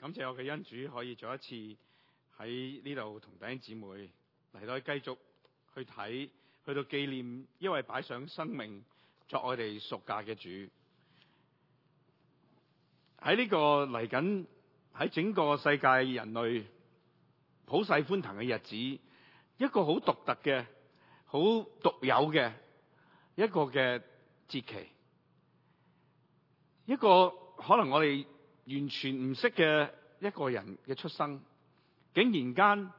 感謝我嘅恩主，可以再一次喺呢度同弟兄姊妹嚟到繼續去睇，去到紀念一位擺上生命作我哋贖價嘅主。喺呢個嚟緊，喺整個世界人類普世歡騰嘅日子，一個好獨特嘅、好獨有嘅一個嘅節期，一個可能我哋完全唔識嘅一個人嘅出生，竟然間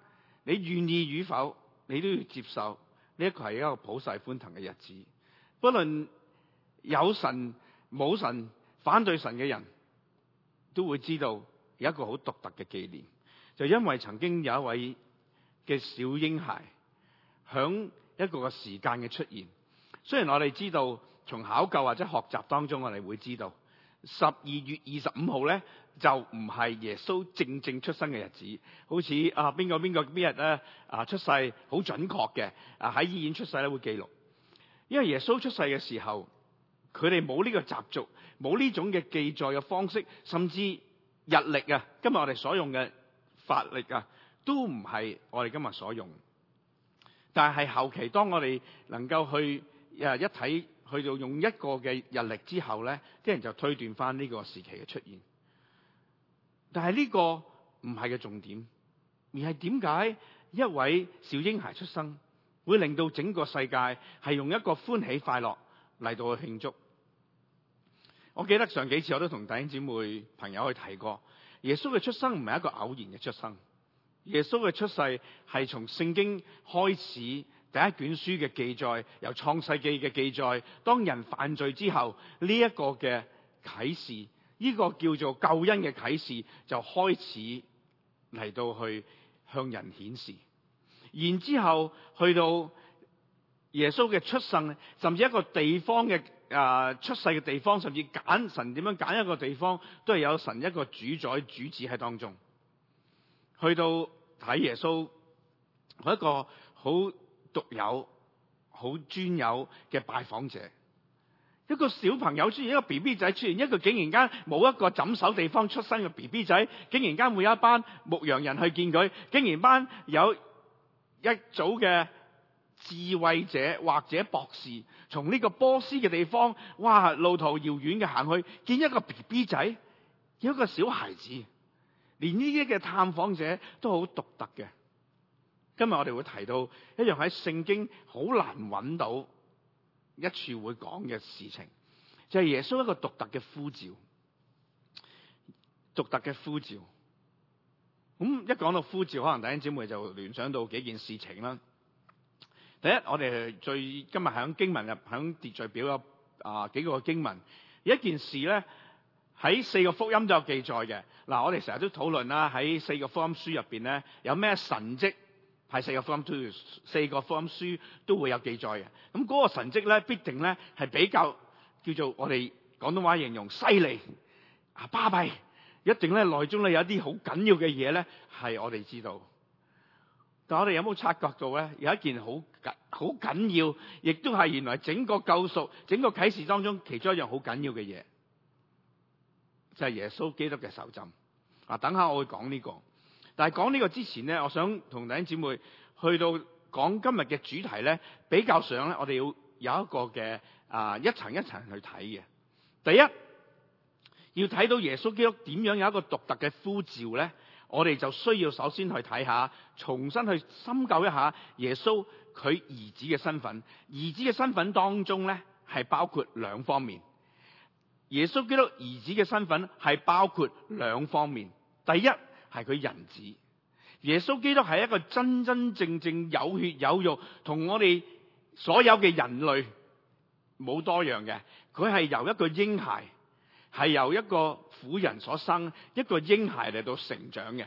你願意與否，你都要接受呢一個係一個普世歡騰嘅日子。不論有神、冇神、反對神嘅人，都會知道有一個好獨特嘅紀念，就因為曾經有一位嘅小嬰孩響一個個時間嘅出現。雖然我哋知道從考究或者學習當中，我哋會知道。十二月二十五號咧就唔係耶穌正正出生嘅日子，好似啊邊個邊個邊日咧啊出世好準確嘅啊喺醫院出世咧會記錄，因為耶穌出世嘅時候佢哋冇呢個習俗，冇呢種嘅記載嘅方式，甚至日曆啊，今日我哋所用嘅法力啊都唔係我哋今日所用的，但係後期當我哋能夠去誒一睇，去到用一個嘅日曆之後呢啲，人就推斷翻呢個時期嘅出現。但係呢個唔係嘅重點，而係點解一位小嬰孩出生會令到整個世界係用一個歡喜快樂嚟到去慶祝。我記得上幾次我都同弟兄姊妹朋友去提過，耶穌嘅出生唔係一個偶然嘅出生，耶穌嘅出世係從聖經開始。第一卷書嘅記載，由創世紀嘅記載，當人犯罪之後，呢一個嘅啟示，呢、這個叫做救恩嘅啟示，就開始嚟到去向人顯示。然之後去到耶穌嘅出生，甚至一個地方嘅誒、呃、出世嘅地方，甚至揀神點樣揀一個地方，都係有神一個主宰主旨喺當中。去到睇耶穌，一個好，獨有、好專有嘅拜訪者，一個小朋友出現，一個 B B 仔出現，一個竟然間冇一個枕首地方出生嘅 B B 仔，竟然間會有一班牧羊人去見佢，竟然班有一組嘅智慧者或者博士，從呢個波斯嘅地方，哇，路途遙遠嘅行去，見一個 B B 仔，有一個小孩子，連呢啲嘅探訪者都好獨特嘅。今日我哋會提到一樣喺聖經好難揾到一處會講嘅事情，就係耶穌一個獨特嘅呼召，獨特嘅呼召。咁一講到呼召，可能弟兄姐妹就聯想到幾件事情啦。第一，我哋最今日響經文入響秩序表有啊幾個經文，一件事咧喺四個福音都有記載嘅。嗱，我哋成日都討論啦，喺四個福音書入邊咧有咩神蹟？係四個福音書，四個福音書都會有記載嘅。咁嗰個神蹟咧，必定咧係比較叫做我哋廣東話形容犀利啊巴閉，一定咧內中咧有一啲好緊要嘅嘢咧，係我哋知道。但我哋有冇察覺到咧？有一件好緊好緊要，亦都係原來整個救贖、整個啟示當中其中一樣好緊要嘅嘢，就係、是、耶穌基督嘅受浸。嗱，等下我會講呢、這個。但係講呢個之前呢，我想同弟兄姐妹去到講今日嘅主題呢，比較上呢，我哋要有一個嘅啊一層一層去睇嘅。第一，要睇到耶穌基督點樣有一個獨特嘅呼召呢，我哋就需要首先去睇下，重新去深究一下耶穌佢兒子嘅身份。兒子嘅身份當中呢，係包括兩方面。耶穌基督兒子嘅身份係包括兩方面。第一。係佢人子，耶穌基督係一個真真正正有血有肉，同我哋所有嘅人類冇多樣嘅。佢係由一個嬰孩，係由一個婦人所生，一個嬰孩嚟到成長嘅，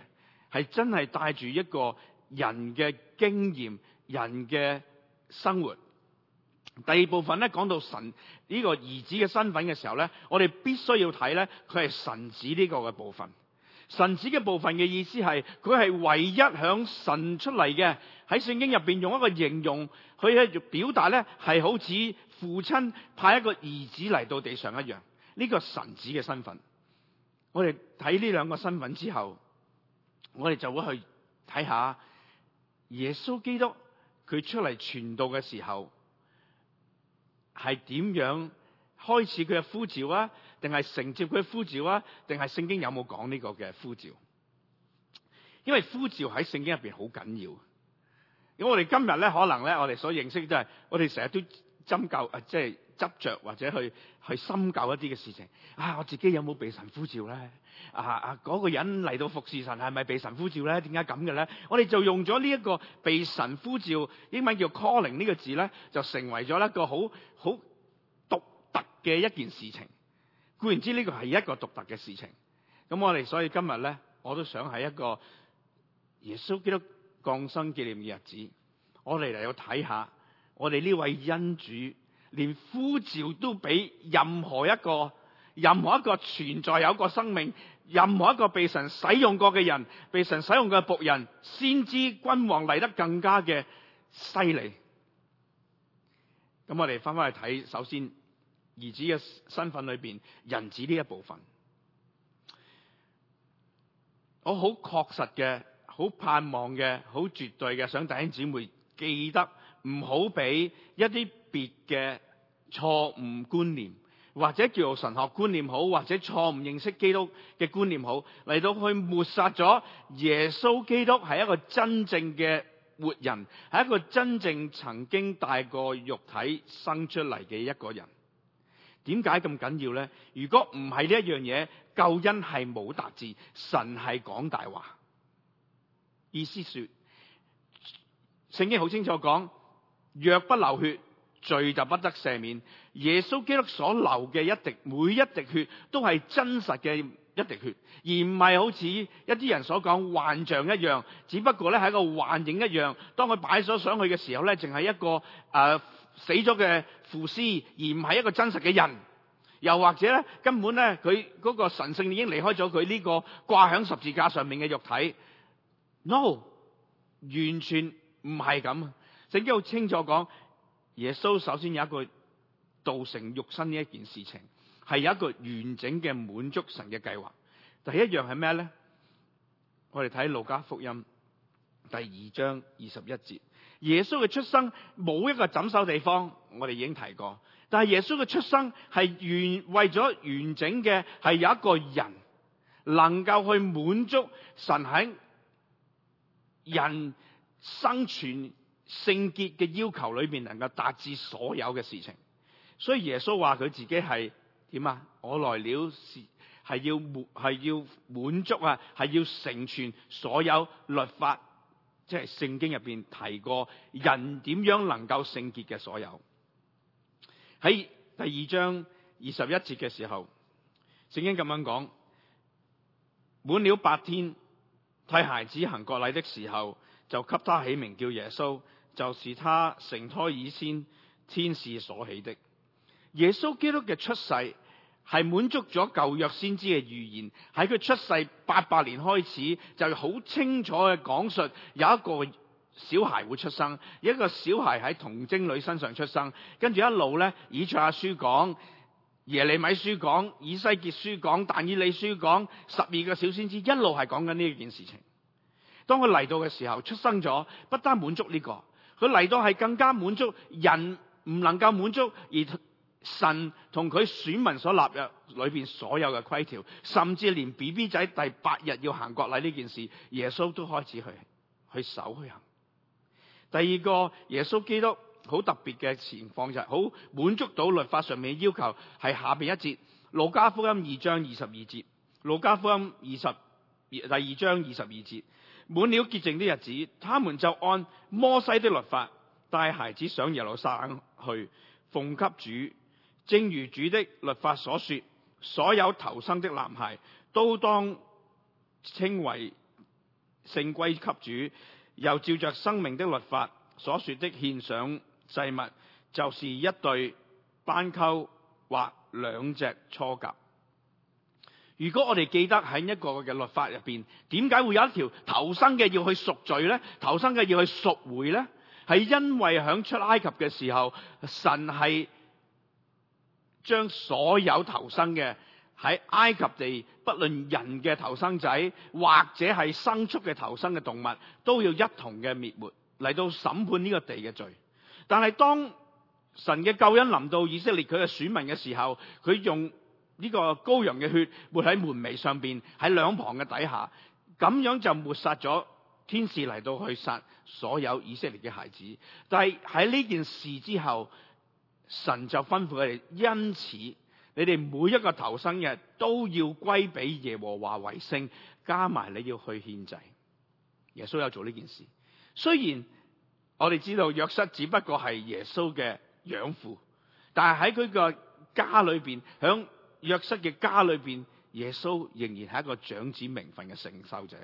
係真係帶住一個人嘅經驗、人嘅生活。第二部分咧，講到神呢個兒子嘅身份嘅時候咧，我哋必須要睇咧，佢係神子呢個嘅部分。神子嘅部分嘅意思係，佢係唯一響神出嚟嘅。喺聖經入邊用一個形容，佢喺度表達咧係好似父親派一個兒子嚟到地上一樣。呢個神子嘅身份，我哋睇呢兩個身份之後，我哋就會去睇下耶穌基督佢出嚟傳道嘅時候係點樣開始佢嘅呼召啊！定係承接佢嘅呼召啊？定係聖經有冇講呢個嘅呼召？因為呼召喺聖經入邊好緊要。咁我哋今日咧，可能咧，我哋所認識都係我哋成日都斟酌、呃，即係執着或者去去深究一啲嘅事情。啊，我自己有冇被神呼召咧？啊啊，嗰、那個人嚟到服侍神係咪被神呼召咧？點解咁嘅咧？我哋就用咗呢一個被神呼召，英文叫 calling 呢個字咧，就成為咗一個好好獨特嘅一件事情。固然之呢個係一個獨特嘅事情，咁我哋所以今日咧，我都想喺一個耶穌基督降生紀念嘅日子，我哋嚟到睇下，我哋呢位恩主連呼召都比任何一個、任何一個存在有一個生命、任何一個被神使用過嘅人、被神使用過嘅僕人，先知君王，嚟得更加嘅犀利。咁我哋翻翻去睇，首先。兒子嘅身份裏邊，人子呢一部分，我好確實嘅，好盼望嘅，好絕對嘅，想弟兄姊妹記得唔好俾一啲別嘅錯誤觀念，或者叫神學觀念好，或者錯誤認識基督嘅觀念好，嚟到去抹殺咗耶穌基督係一個真正嘅活人，係一個真正曾經帶過肉體生出嚟嘅一個人。點解咁緊要呢？如果唔係呢一樣嘢，救恩係冇達至，神係講大話。意思說，聖經好清楚講：若不流血，罪就不得赦免。耶穌基督所流嘅一滴，每一滴血，都係真實嘅一滴血，而唔係好似一啲人所講幻象一樣，只不過咧係一個幻影一樣。當佢擺咗上去嘅時候，呢淨係一個誒。呃死咗嘅腐屍，而唔係一個真實嘅人，又或者咧，根本咧佢嗰個神性，已經離開咗佢呢個掛響十字架上面嘅肉體。No，完全唔係咁。聖經好清楚講，耶穌首先有一個道成肉身呢一件事情，係有一個完整嘅滿足神嘅計劃。第一樣係咩咧？我哋睇路加福音第二章二十一節。耶穌嘅出生冇一個枕首地方，我哋已經提過。但係耶穌嘅出生係完為咗完整嘅，係有一個人能夠去滿足神喺人生存聖潔嘅要求裡面，能夠達至所有嘅事情。所以耶穌話佢自己係點啊？我來了是係要，要滿係要滿足啊，係要成全所有律法。即係聖經入邊提過人點樣能夠聖潔嘅所有，喺第二章二十一節嘅時候，聖經咁樣講：滿了八天，替孩子行割禮的時候，就給他起名叫耶穌，就是他成胎以先天使所起的。耶穌基督嘅出世。係滿足咗舊約先知嘅預言，喺佢出世八八年開始，就好清楚嘅講述有一個小孩會出生，有一個小孩喺童貞女身上出生，跟住一路咧以賽亞書講耶利米書講以西結書講但以理書講十二個小先知一路係講緊呢一件事情。當佢嚟到嘅時候，出生咗，不單滿足呢、這個，佢嚟到係更加滿足人唔能夠滿足而。神同佢選民所立約裏面所有嘅規條，甚至連 B B 仔第八日要行割禮呢件事，耶穌都開始去去守去行。第二個耶穌基督好特別嘅情況就係、是、好滿足到律法上面嘅要求，係下面一節《路加福音》二章二十二節，《路加福音》二十第二章二十二節，滿了潔淨的日子，他們就按摩西的律法帶孩子上耶路撒冷去奉給主，正如主的律法所說，所有投生的男孩都當稱為聖歸給主，又照着生命的律法所說的獻上祭物，就是一對斑鳩或兩隻雛鴿。如果我哋記得喺一個嘅律法入邊，點解會有一條投生嘅要去贖罪呢？投生嘅要去贖回呢？係因為響出埃及嘅時候，神係。將所有投生嘅，喺埃及地，不論人嘅投生仔，或者係牲畜嘅投生嘅動物，都要一同嘅滅活嚟到審判呢個地嘅罪。但係當神嘅救恩臨到以色列佢嘅選民嘅時候，佢用呢個羔羊嘅血抹喺門楣上邊，喺兩旁嘅底下，咁樣就抹殺咗天使嚟到去殺所有以色列嘅孩子。但係喺呢件事之後。神就吩咐佢哋，因此你哋每一個頭生嘅都要歸俾耶和華為聖，加埋你要去獻祭。耶穌有做呢件事，雖然我哋知道約瑟只不過係耶穌嘅養父，但係喺佢個家裏邊，響約瑟嘅家裏邊，耶穌仍然係一個長子名分嘅承受者。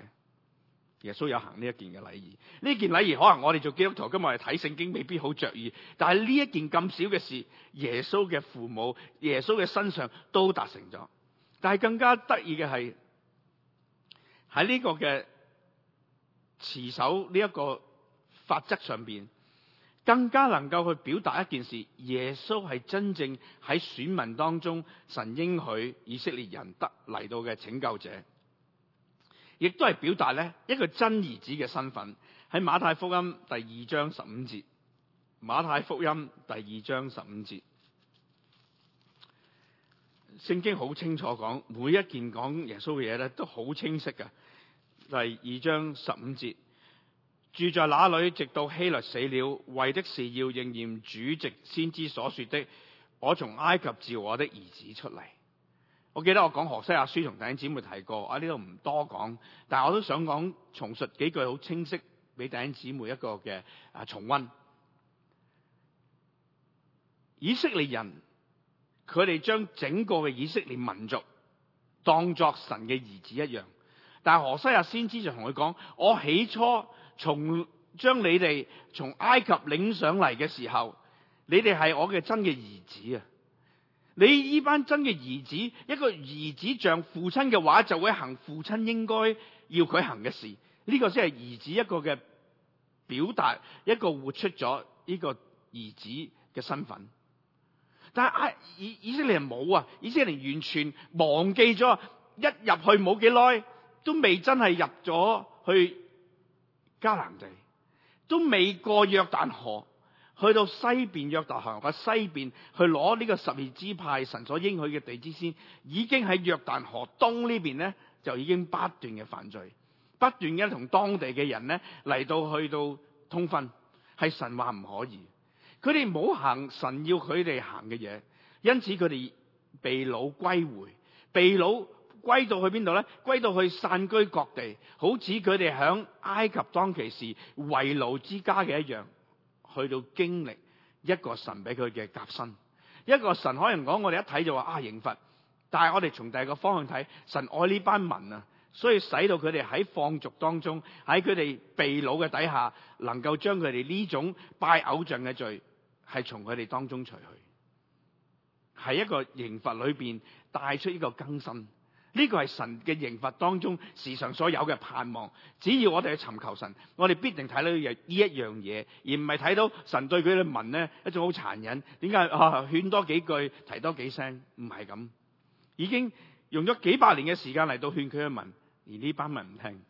耶穌有行呢一件嘅禮儀，呢件禮儀可能我哋做基督徒今日嚟睇聖經未必好着意，但係呢一件咁少嘅事，耶穌嘅父母、耶穌嘅身上都達成咗。但係更加得意嘅係喺呢個嘅持守呢一個法則上邊，更加能夠去表達一件事：耶穌係真正喺選民當中神應許以色列人得嚟到嘅拯救者。亦都係表達咧一個真兒子嘅身份，喺馬太福音第二章十五節。馬太福音第二章十五節，聖經好清楚講，每一件講耶穌嘅嘢，咧都好清晰嘅。第二章十五節，住在那裡，直到希律死了，為的是要應驗主藉先知所說的，我從埃及召我的兒子出嚟。我記得我講何西阿書同弟兄姊妹提過，啊呢度唔多講，但係我都想講重述幾句好清晰，俾弟兄姊妹一個嘅啊重温。以色列人，佢哋將整個嘅以色列民族當作神嘅兒子一樣，但係何西阿先知就同佢講：我起初從將你哋從埃及領上嚟嘅時候，你哋係我嘅真嘅兒子啊。你依班真嘅兒子，一個兒子像父親嘅話，就會行父親應該要佢行嘅事。呢、這個先係兒子一個嘅表達，一個活出咗呢個兒子嘅身份。但係啊以以色列人冇啊，以色列人完全忘記咗，一入去冇幾耐，都未真係入咗去迦南地，都未過約旦河。去到西邊約旦河嘅西邊去攞呢個十二支派神所應許嘅地之先，已經喺約旦河東這邊呢邊咧就已經不斷嘅犯罪，不斷嘅同當地嘅人咧嚟，到去到通婚，係神話唔可以，佢哋冇行神要佢哋行嘅嘢，因此佢哋被擄歸回，被擄歸到去邊度咧？歸到去散居各地，好似佢哋響埃及當其時為奴之家嘅一樣。去到經歷一個神俾佢嘅革新，一個神可能講我哋一睇就話啊刑罰，但係我哋從第二個方向睇，神愛呢班民啊，所以使到佢哋喺放逐當中，喺佢哋被擄嘅底下，能夠將佢哋呢種拜偶像嘅罪係從佢哋當中除去，係一個刑罰裏邊帶出呢個更新。呢、這個係神嘅刑罰當中時常所有嘅盼望，只要我哋去尋求神，我哋必定睇到呢一一樣嘢，而唔係睇到神對佢嘅民呢一種好殘忍。點解啊？勸多幾句，提多幾聲，唔係咁，已經用咗幾百年嘅時間嚟到勸佢嘅民，而呢班民唔聽。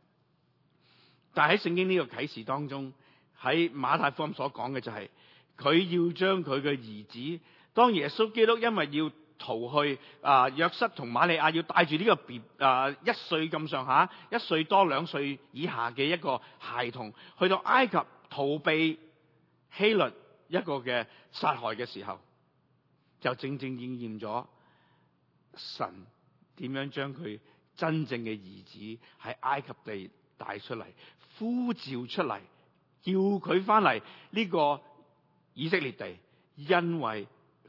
但係喺聖經呢個啟示當中，喺馬太福音所講嘅就係、是，佢要將佢嘅兒子當耶穌基督，因為要。逃去啊、呃！約瑟同瑪利亞要帶住呢個別啊一歲咁上下，一歲多兩歲以下嘅一個孩童，去到埃及逃避希律一個嘅殺害嘅時候，就正正應驗咗神點樣將佢真正嘅兒子喺埃及地帶出嚟，呼召出嚟，要佢翻嚟呢個以色列地，因為。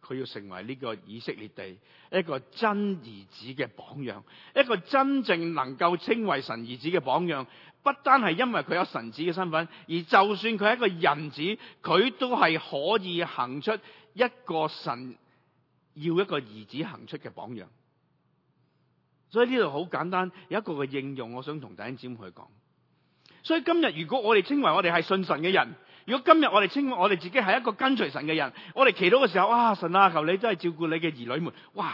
佢要成為呢個以色列地一個真兒子嘅榜樣，一個真正能夠稱為神兒子嘅榜樣。不單係因為佢有神子嘅身份，而就算佢係一個人子，佢都係可以行出一個神要一個兒子行出嘅榜樣。所以呢度好簡單，有一個嘅應用，我想同弟兄姐妹去講。所以今日如果我哋稱為我哋係信神嘅人。如果今日我哋稱我哋自己係一個跟隨神嘅人，我哋祈禱嘅時候，哇！神啊，求你都係照顧你嘅兒女們，哇！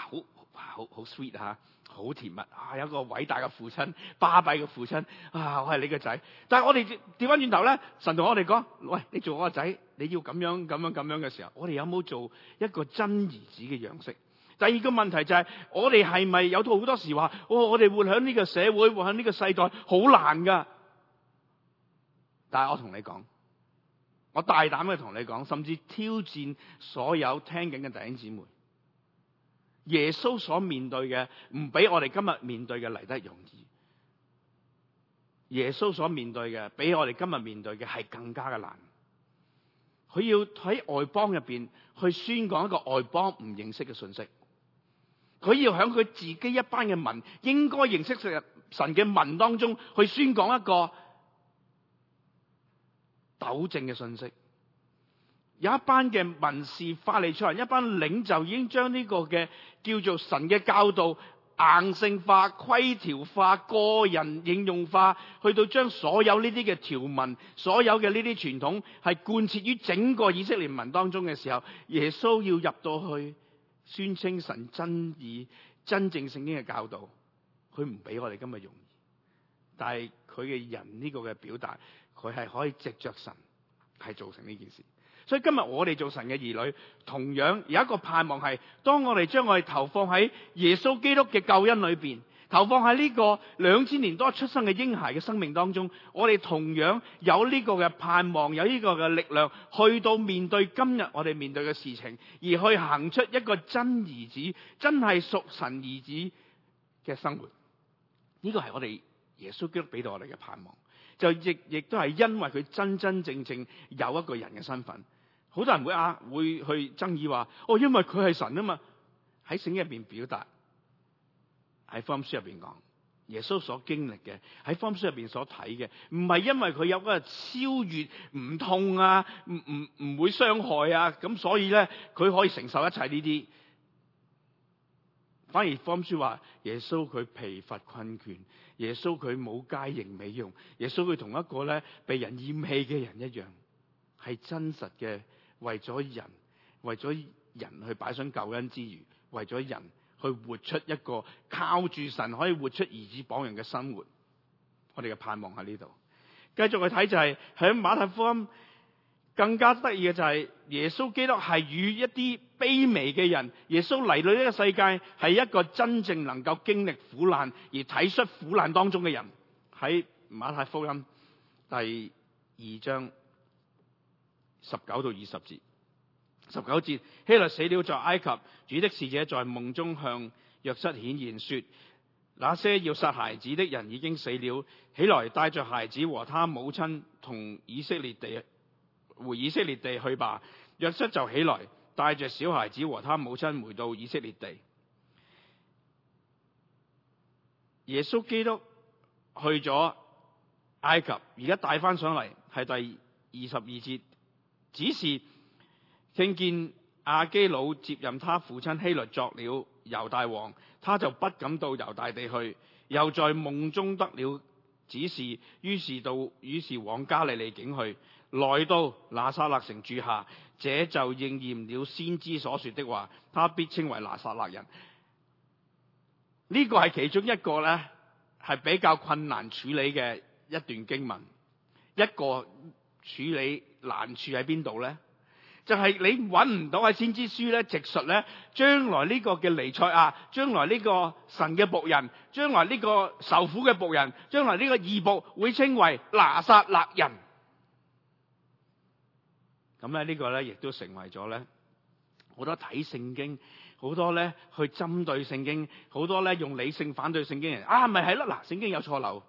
好，好 sweet 啊！好甜蜜啊！有一個偉大嘅父親，巴閉嘅父親啊！我係你個仔，但係我哋調翻轉頭咧，神同我哋講：喂，你做我個仔，你要咁樣咁樣咁樣嘅時候，我哋有冇做一個真兒子嘅樣式？第二個問題就係、是，我哋係咪有好多時話，我我哋活喺呢個社會，活喺呢個世代好難噶？但係我同你講。我大膽嘅同你講，甚至挑戰所有聽緊嘅弟兄姊妹。耶穌所面對嘅，唔俾我哋今日面對嘅嚟得容易。耶穌所面對嘅，比我哋今日面對嘅係更加嘅難。佢要喺外邦入邊去宣講一個外邦唔認識嘅信息。佢要喺佢自己一班嘅民應該認識神嘅民當中去宣講一個。糾正嘅信息，有一班嘅文士法理出嚟，一班領袖已經將呢個嘅叫做神嘅教導硬性化、規條化、個人應用化，去到將所有呢啲嘅條文、所有嘅呢啲傳統係貫徹於整個以色列民當中嘅時候，耶穌要入到去宣稱神真義真正聖經嘅教導，佢唔俾我哋今日用意，但係佢嘅人呢個嘅表達。佢係可以藉著神係造成呢件事，所以今日我哋做神嘅兒女，同樣有一個盼望係：當我哋將我哋投放喺耶穌基督嘅救恩裏邊，投放喺呢個兩千年多出生嘅嬰孩嘅生命當中，我哋同樣有呢個嘅盼望，有呢個嘅力量，去到面對今日我哋面對嘅事情，而去行出一個真兒子，真係屬神兒子嘅生活。呢、這個係我哋耶穌基督俾到我哋嘅盼望。就亦亦都係因為佢真真正正有一個人嘅身份，好多人會啊會去爭議話，哦因為佢係神啊嘛，喺聖經入邊表達，喺方書入邊講耶穌所經歷嘅，喺方書入邊所睇嘅，唔係因為佢有嗰個超越唔痛啊，唔唔唔會傷害啊，咁所以咧佢可以承受一切呢啲。反而福音書話耶穌佢疲乏困倦，耶穌佢冇佳形美容，耶穌佢同一個咧被人厭棄嘅人一樣，係真實嘅為咗人為咗人去擺上救恩之餘，為咗人去活出一個靠住神可以活出兒子榜樣嘅生活，我哋嘅盼望喺呢度。繼續去睇就係、是、喺馬太福音更加得意嘅就係耶穌基督係與一啲卑微嘅人，耶穌嚟到呢個世界係一個真正能夠經歷苦難而體恤苦難當中嘅人。喺馬太福音第二章十九到二十節，十九節希律死了在埃及，主的使者在夢中向約瑟顯現說，那些要殺孩子的人已經死了，起來帶着孩子和他母親同以色列地。回以色列地去吧。約瑟就起來，帶着小孩子和他母親回到以色列地。耶穌基督去咗埃及，而家帶翻上嚟係第二十二節。只是聽見亞基老接任他父親希律作了猶大王，他就不敢到猶大地去。又在夢中得了指示，於是到於是往加利利境去。來到拿撒勒城住下，這就應驗了先知所說的話，他必稱為拿撒勒人。呢、這個係其中一個咧，係比較困難處理嘅一段經文。一個處理難處喺邊度咧？就係、是、你搵唔到喺先知書咧，直述咧，將來呢個嘅彌賽亞，將來呢個神嘅僕人，將來呢個受苦嘅僕人，將來呢個義僕會稱為拿撒勒人。咁咧呢個咧，亦都成為咗咧好多睇聖經，好多咧去針對聖經，好多咧用理性反對聖經嘅人啊，咪係咯嗱，聖經有錯漏。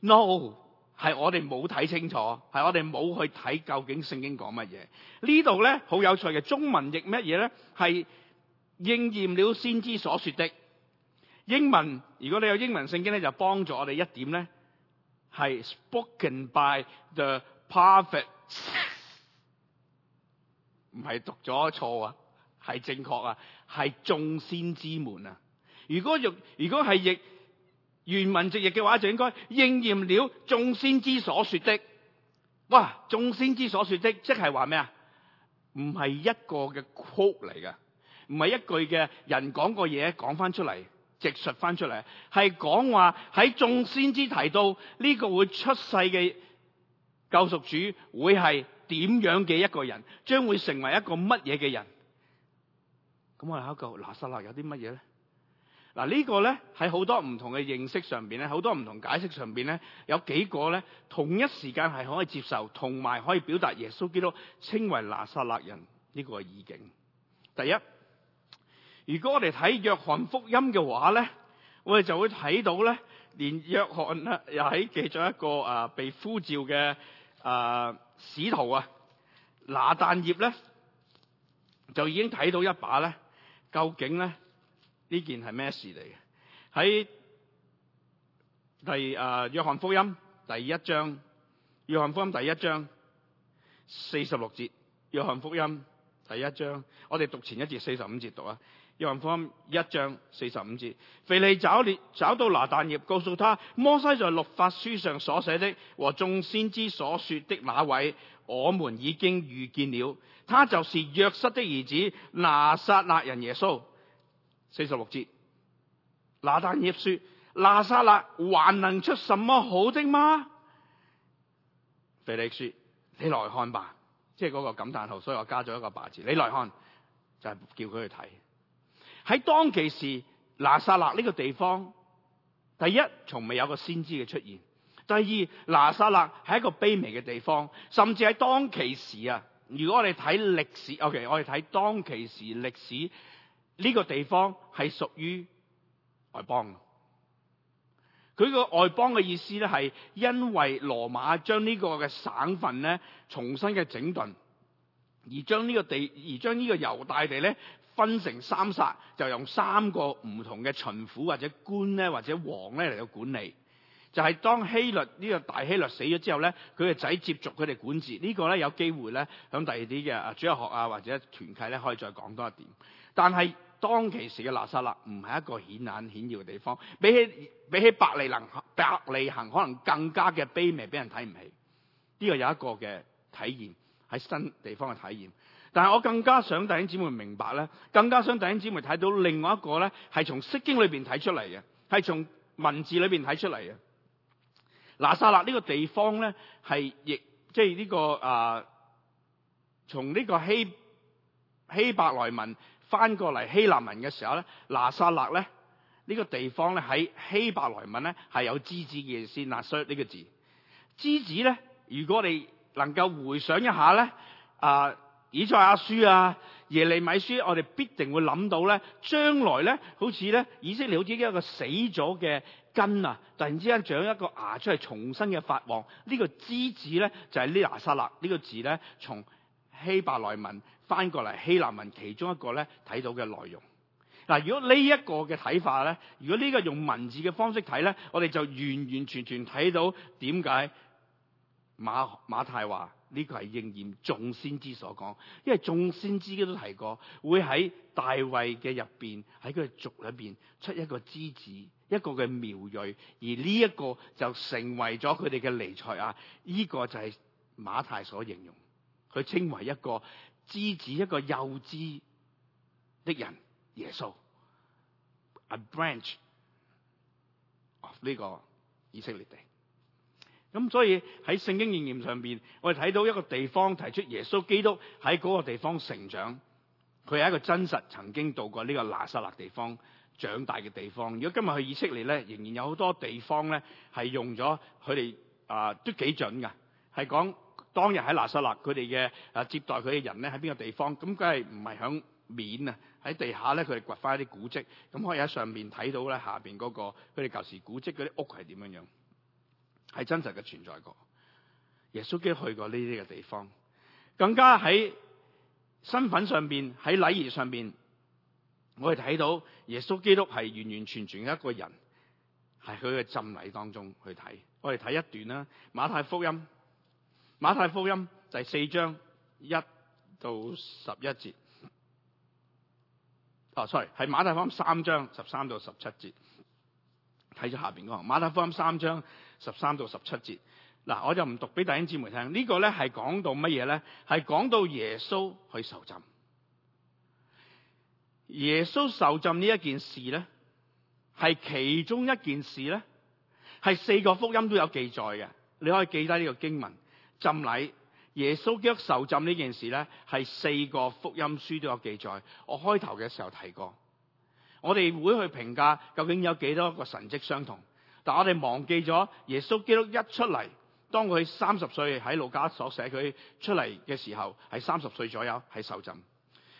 No，係我哋冇睇清楚，係我哋冇去睇究竟聖經講乜嘢。呢度咧好有趣嘅中文譯乜嘢咧，係應驗了先知所說的。英文如果你有英文聖經咧，就幫助我哋一點咧，係 spoken by the prophet。唔係讀咗錯啊，係正確啊，係眾先知門啊！如果若如果係譯原文直譯嘅話，就應該應驗了眾先知所說的。哇！眾先知所說的，即係話咩啊？唔係一個嘅曲嚟噶，唔係一句嘅人講個嘢講翻出嚟，直述翻出嚟，係講話喺眾先知提到呢、這個會出世嘅救贖主會係點樣嘅一個人，將會成為一個乜嘢嘅人？咁我哋考究拿撒勒有啲乜嘢咧？嗱呢個咧喺好多唔同嘅認識上邊咧，好多唔同解釋上邊咧，有幾個咧同一時間係可以接受，同埋可以表達耶穌基督稱為拿撒勒人呢個意境。第一，如果我哋睇約翰福音嘅話咧，我哋就會睇到咧，連約翰啊又喺記咗一個啊被呼召嘅啊。使徒啊，拿但業咧，就已經睇到一把咧，究竟咧呢件係咩事嚟嘅？喺第啊、呃、約翰福音第一章，約翰福音第一章四十六節，約翰福音第一章，我哋讀前一節四十五節讀啊。約一章四十五節，腓利找列找到拿但業告訴他摩西在律法書上所寫的和眾先知所說的那位，我們已經遇見了，他就是約瑟的兒子拿撒勒人耶穌。四十六節，拿但業說：拿撒勒還能出什麼好的嗎？腓力說：你來看吧，即係嗰個感嘆號，所以我加咗一個八字。你來看，就係、是、叫佢去睇。喺當其時拿撒勒呢個地方，第一從未有個先知嘅出現；第二拿撒勒係一個卑微嘅地方，甚至喺當其時啊！如果我哋睇歷史，OK，我哋睇當其時歷史呢個地方係屬於外邦的。佢個外邦嘅意思咧，係因為羅馬將呢個嘅省份咧重新嘅整頓，而將呢個地而將呢個猶大地咧分成三煞，就用三個唔同嘅巡撫或者官咧，或者王咧嚟到管理。就係、是、當希律呢、這個大希律死咗之後咧，佢嘅仔接續佢哋管治。呢、這個咧有機會咧，響第二啲嘅啊主日學啊或者團契咧，可以再講多一點。但係當其時嘅拿撒勒唔係一個顯眼顯要嘅地方，比起比起伯利恆，伯利恆可能更加嘅卑微，俾人睇唔起。呢、這個有一個嘅體驗，喺新地方嘅體驗。但係我更加想弟兄姊妹明白咧，更加想弟兄姊妹睇到另外一個咧，係從經裏面看出來的《釋經》裏邊睇出嚟嘅，係從文字裏邊睇出嚟嘅，這個呃。拿撒勒呢、這個地方咧，係亦即係呢個啊，從呢個希希伯來文翻過嚟希臘文嘅時候咧，拿撒勒咧呢個地方咧喺希伯來文咧係有“枝子嘅意思”嗱，所、這、呢個字“枝子”咧，如果你能夠回想一下咧啊。呃以賽亞書啊、耶利米書，我哋必定會諗到咧，將來咧，好似咧，以色列好似一個死咗嘅根啊，突然之間長一個牙出嚟，重新嘅發旺。呢個、字呢個枝子咧，就係、是、呢拿撒勒呢、呢個字咧，從希伯來文翻過嚟希臘文其中一個咧睇到嘅內容。嗱，如果呢一個嘅睇法咧，如果呢個用文字嘅方式睇咧，我哋就完完全全睇到點解。馬馬太話呢、這個係應驗眾先知所講，因為眾先知都提過，會喺大衛嘅入邊，喺佢族裏邊出一個枝子，一個嘅苗裔，而呢一個就成為咗佢哋嘅離才啊！呢、這個就係馬太所形容，佢稱為一個枝子，一個幼稚的人，耶穌，a branch of 呢個以色列地。咁所以喺聖經應驗上面，我哋睇到一個地方提出耶穌基督喺嗰個地方成長，佢係一個真實曾經到過呢個拿撒勒地方長大嘅地方。如果今日去以色列咧，仍然有好多地方咧係用咗佢哋啊，都幾準㗎。係講當日喺拿撒勒佢哋嘅啊接待佢嘅人咧喺邊個地方？咁梗係唔係響面啊？喺地下咧佢哋掘翻一啲古蹟，咁可以喺上面睇到咧下面嗰、嗰個佢哋舊時古蹟嗰啲屋係點樣樣。係真實嘅存在過，耶穌基督去過呢啲嘅地方，更加喺身份上邊，喺禮儀上邊，我哋睇到耶穌基督係完完全全嘅一個人，係佢嘅浸禮當中去睇。我哋睇一段啦，《馬太福音》，馬太福音第四章一到十一節，啊，sorry，係馬太福音三章十三到十七節，睇咗下邊嗰個《馬太福音》三章，十三到十七節，嗱，我就唔讀俾弟兄姊妹聽。這個、呢個咧係講到乜嘢咧？係講到耶穌去受浸。耶穌受浸呢一件事咧，係其中一件事咧，係四個福音都有記載嘅。你可以記低呢個經文。浸禮，耶穌腳受浸呢件事咧，係四個福音書都有記載。我開頭嘅時候提過，我哋會去評價究竟有幾多個神蹟相同。但我哋忘記咗耶穌基督一出嚟，當佢三十歲喺路加所寫佢出嚟嘅時候，係三十歲左右喺受浸。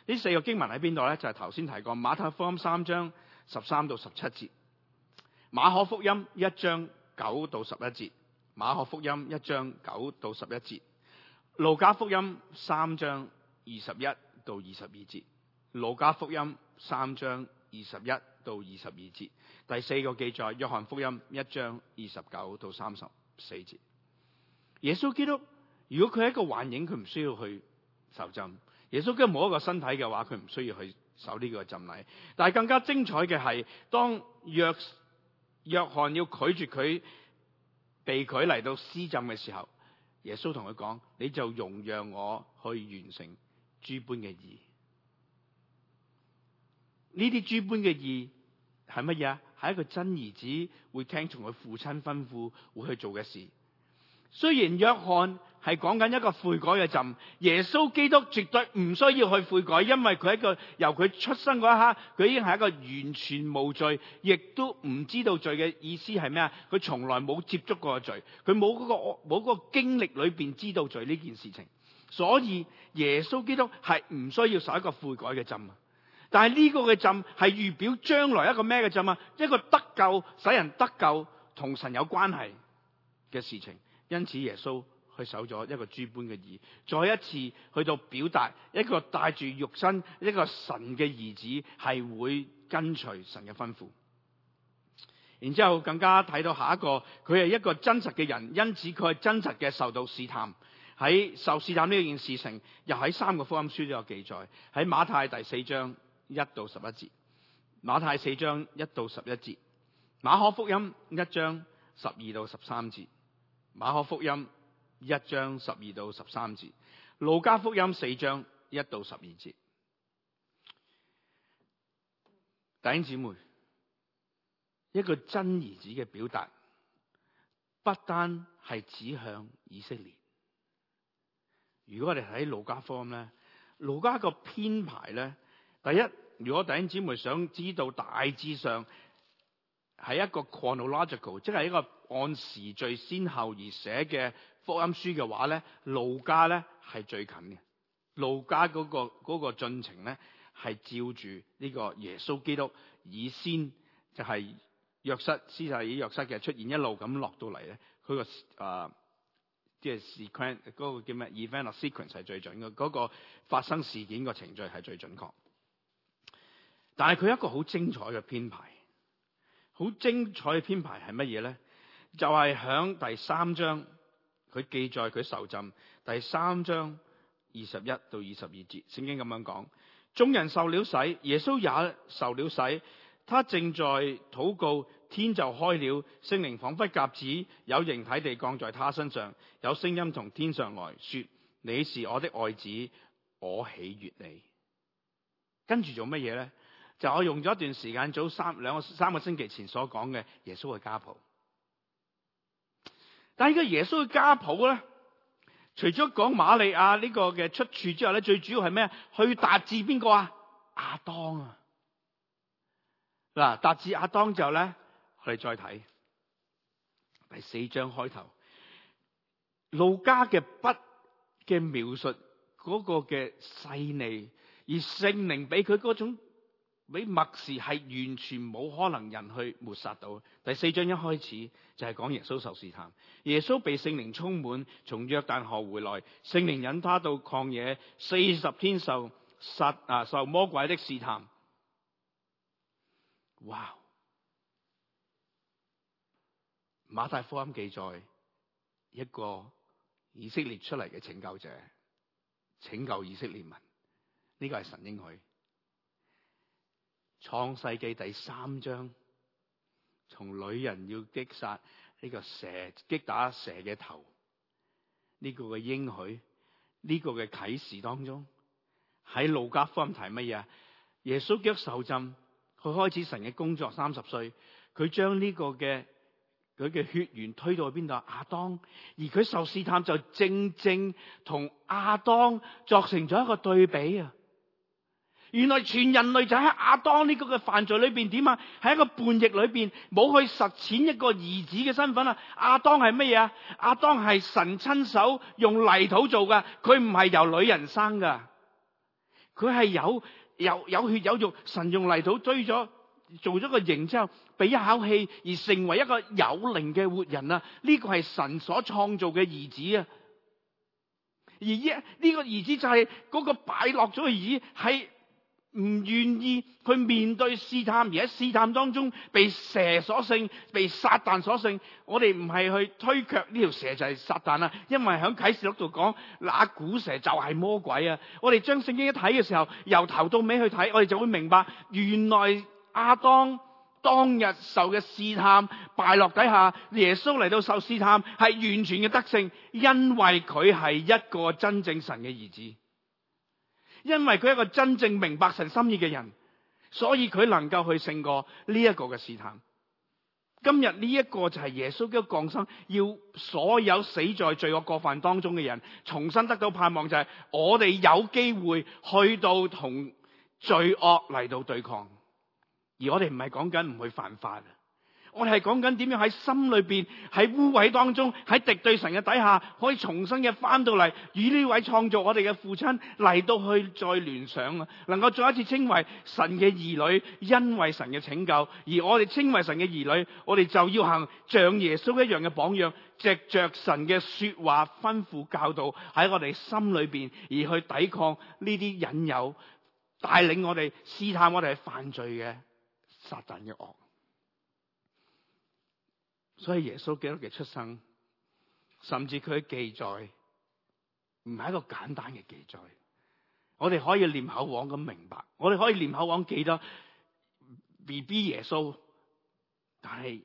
呢四個經文喺邊度咧？就係頭先提過馬太福音三章十三到十七節，馬可福音一章九到十一節，馬可福音一章九到十一節，路加福音三章二十一到二十二節，路加福音三章二十一。到二十二節，第四個記載約翰福音一章二十九到三十四節。耶穌基督如果佢係一個幻影，佢唔需要去受浸；耶穌基督冇一個身體嘅話，佢唔需要去受呢個浸禮。但係更加精彩嘅係，當約約翰要拒絕佢被佢嚟到施浸嘅時候，耶穌同佢講：你就容讓我去完成諸般嘅義。呢啲諸般嘅義係乜嘢？係一個真兒子會聽從佢父親吩咐會去做嘅事。雖然約翰係講緊一個悔改嘅浸，耶穌基督絕對唔需要去悔改，因為佢一個由佢出生嗰一刻，佢已經係一個完全無罪，亦都唔知道罪嘅意思係咩啊？佢從來冇接觸過罪，佢冇嗰個冇嗰個經歷裏邊知道罪呢件事情，所以耶穌基督係唔需要受一個悔改嘅浸啊！但係呢個嘅浸係預表將來一個咩嘅浸啊？一個得救使人得救同神有關係嘅事情，因此耶穌去守咗一個諸般嘅義，再一次去到表達一個帶住肉身一個神嘅兒子係會跟隨神嘅吩咐。然之後更加睇到下一個，佢係一個真實嘅人，因此佢係真實嘅受到試探，喺受試探呢件事情又喺三個福音書都有記載，喺馬太第四章。一到十一節，馬太四章一到十一節，馬可福音一章十二到十三節，馬可福音一章十二到十三節，路加福音四章一到十二節。弟兄姊妹，一個真兒子嘅表達，不單係指向以色列。如果我哋喺路加福音咧，路加個編排咧，第一。如果弟兄姊妹想知道大致上係一個 chronological，即係一個按時序先後而寫嘅福音書嘅話咧，路加咧係最近嘅。路加、嗰個、嗰個進程咧係照住呢個耶穌基督以先就係約瑟施洗約瑟嘅出現一路咁落到嚟咧，佢、呃就是、個誒即係 sequence 嗰個叫咩 event sequence 係最準嘅，嗰個發生事件個程序係最準確。但係佢一個好精彩嘅編排，好精彩嘅編排係乜嘢呢？就係、是、響第三章，佢記載佢受浸。第三章二十一到二十二節，聖經咁樣講：眾人受了洗，耶穌也受了洗。他正在禱告，天就開了，聖靈彷彿鴿子有形體地降在他身上，有聲音從天上來說：你是我的愛子，我喜悅你。跟住做乜嘢呢？就我用咗一段時間，早三兩個三個星期前所講嘅耶穌嘅家譜。但係呢個耶穌嘅家譜咧，除咗講瑪利亞呢個嘅出處之外咧，最主要係咩？去達至邊個啊？亞當啊！嗱，達至亞當之後咧，我哋再睇第四章開頭，路加嘅筆嘅描述嗰，那個嘅細膩，而聖靈俾佢嗰種。俾默示係完全冇可能人去抹殺到。第四章一開始就係講耶穌受試探，耶穌被聖靈充滿，從約旦河回來，聖靈引他到曠野四十天受殺啊，受魔鬼的試探。哇、wow!！馬太福音記載一個以色列出嚟嘅拯救者，拯救以色列民，呢、這個係神應許。創世紀第三章，從女人要擊殺呢個蛇，擊打蛇嘅頭，呢、這個嘅應許，呢、這個嘅啟示當中，喺路加福音提乜嘢啊？耶穌腳受浸，佢開始神嘅工作，三十歲，佢將呢個嘅佢嘅血緣推到去邊度？亞當，而佢受試探就正正同亞當作成咗一個對比啊！原來全人類就喺亞當呢個嘅犯罪裏邊點啊？喺一個叛逆裏邊，冇去實踐一個兒子嘅身份啊！亞當係咩嘢啊？亞當係神親手用泥土做噶，佢唔係由女人生噶，佢係有有有血有肉，神用泥土堆咗做咗個形之後，俾一口氣而成為一個有靈嘅活人啊！呢、這個係神所創造嘅兒子啊！而呢呢個兒子就係嗰個敗落咗嘅兒子係。唔願意去面對試探，而喺試探當中被蛇所勝、被撒但所勝。我哋唔係去推卻呢條蛇就係撒但啊！因為喺啟示錄度講，那古蛇就係魔鬼啊！我哋將聖經一睇嘅時候，由頭到尾去睇，我哋就會明白，原來亞當當日受嘅試探敗落底下，耶穌嚟到受試探係完全嘅得勝，因為佢係一個真正神嘅兒子。因為佢係一個真正明白神心意嘅人，所以佢能夠去勝過呢一個嘅試探。今日呢一個就係耶穌基督降生，要所有死在罪惡過犯當中嘅人，重新得到盼望，就係我哋有機會去到同罪惡嚟到對抗，而我哋唔係講緊唔會犯法。我哋係講緊點樣喺心裏邊喺污穢當中喺敵對神嘅底下，可以重新嘅返到嚟，與呢位創造我哋嘅父親嚟到去再聯想啊！能夠再一次稱為神嘅兒女，因為神嘅拯救。而我哋稱為神嘅兒女，我哋就要行像耶穌一樣嘅榜樣，藉着神嘅說話吩咐教導喺我哋心裏邊，而去抵抗呢啲引誘，帶領我哋試探我哋去犯罪嘅撒旦嘅惡。所以耶穌基督嘅出生，甚至佢嘅記載唔係一個簡單嘅記載，我哋可以念口往咁明白，我哋可以念口往記得 BB 耶穌，但係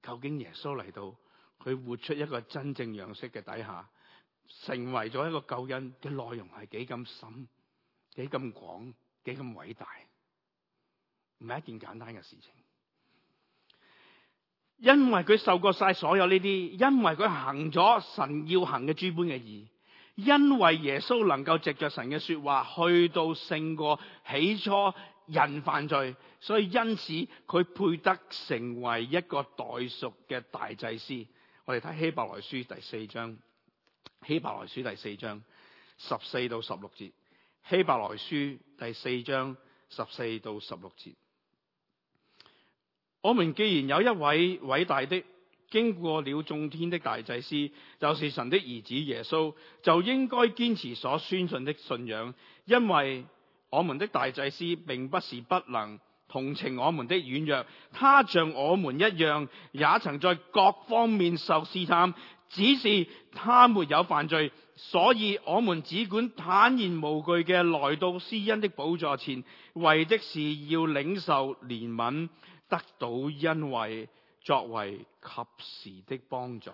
究竟耶穌嚟到，佢活出一個真正樣式嘅底下，成為咗一個救恩嘅內容係幾咁深、幾咁廣、幾咁偉大，唔係一件簡單嘅事情。因為佢受過晒所有呢啲，因為佢行咗神要行嘅諸般嘅義。因為耶穌能夠藉着神嘅說話去到勝過起初人犯罪，所以因此佢配得成為一個代贖嘅大祭司。我哋睇希伯來書第四章，希伯來書第四章十四到十六節，希伯來書第四章十四到十六節。我們既然有一位偉大的，經過了眾天的大祭司，就是神的兒子耶穌，就應該堅持所宣信的信仰，因爲我們的大祭司並不是不能同情我們的軟弱，他像我們一樣，也曾在各方面受試探，只是他沒有犯罪，所以我們只管坦然無懼嘅來到施恩的寶座前，爲的是要領受憐憫。得到恩惠作為及時的幫助，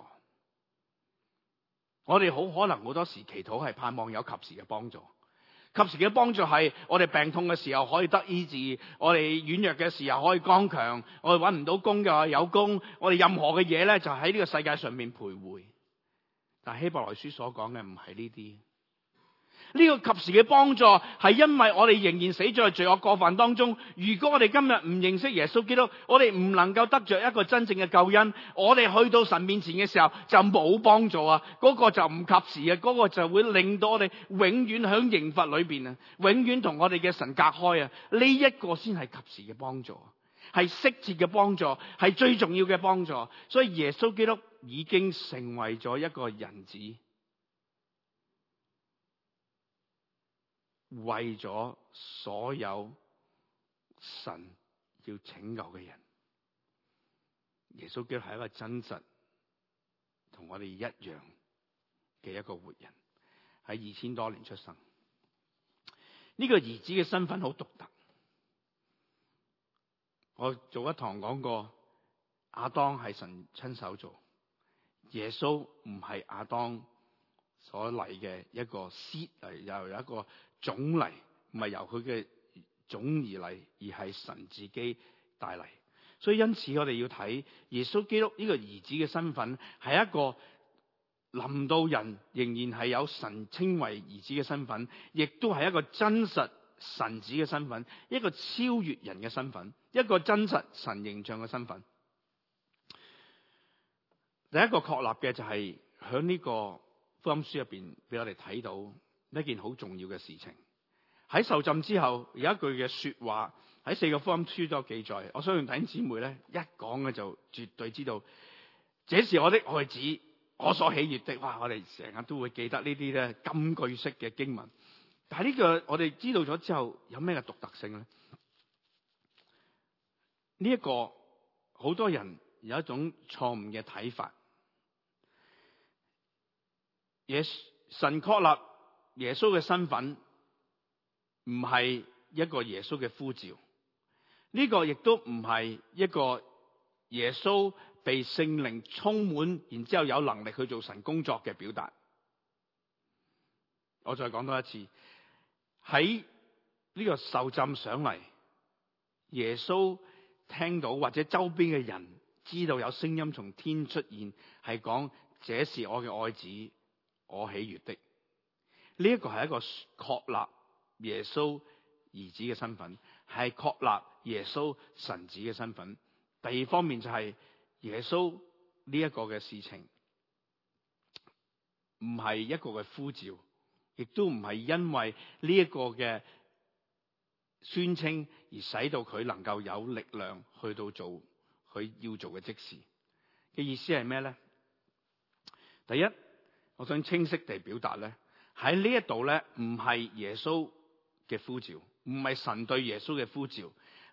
我哋好可能好多時祈禱係盼望有及時嘅幫助，及時嘅幫助係我哋病痛嘅時候可以得醫治，我哋軟弱嘅時候可以剛強，我哋揾唔到工嘅有工，我哋任何嘅嘢呢，就喺呢個世界上面徘徊。但希伯來書所講嘅唔係呢啲。呢個及時嘅幫助係因為我哋仍然死在罪惡過犯當中。如果我哋今日唔認識耶穌基督，我哋唔能夠得着一個真正嘅救恩。我哋去到神面前嘅時候就冇幫助啊！嗰個就唔及時嘅，嗰個就會令到我哋永遠響刑罰裏邊啊，永遠同我哋嘅神隔開啊。呢一個先係及時嘅幫助，係適時嘅幫助，係最重要嘅幫助。所以耶穌基督已經成為咗一個人子。為咗所有神要拯救嘅人，耶穌基督係一個真實同我哋一樣嘅一個活人，喺二千多年出生。呢個兒子嘅身份好獨特。我做一堂講過，亞當係神親手做，耶穌唔係亞當。所嚟嘅一個師嚟，又有一個種嚟，唔係由佢嘅種而嚟，而係神自己帶嚟，所以因此我哋要睇耶穌基督呢個兒子嘅身份，係一個臨到人仍然係有神稱為兒子嘅身份，亦都係一個真實神子嘅身份，一個超越人嘅身份，一個真實神形象嘅身份。第一個確立嘅就係響呢個。福音書入邊俾我哋睇到一件好重要嘅事情。喺受浸之後有一句嘅說話喺四個福音書都有記載。我相信弟兄姊妹咧一講嘅就絕對知道，這是我的愛子，我所喜悅的。哇！我哋成日都會記得呢啲咧金句式嘅經文。但係呢個我哋知道咗之後有咩嘅獨特性咧？呢一個好多人有一種錯誤嘅睇法。耶神確立耶穌嘅身份唔係一個耶穌嘅呼召，呢個亦都唔係一個耶穌被聖靈充滿，然之後有能力去做神工作嘅表達。我再講多一次喺呢個受浸上嚟，耶穌聽到或者周邊嘅人知道有聲音從天出現，係講這是我嘅愛子。我喜悦的，呢一個係一個確立耶穌兒子嘅身份，係確立耶穌神子嘅身份。第二方面就係耶穌呢一個嘅事情，唔係一個嘅呼召，亦都唔係因為呢一個嘅宣稱而使到佢能夠有力量去到做佢要做嘅職事。嘅意思係咩咧？第一。我想清晰地表達呢，喺呢一度呢，唔係耶穌嘅呼召，唔係神對耶穌嘅呼召。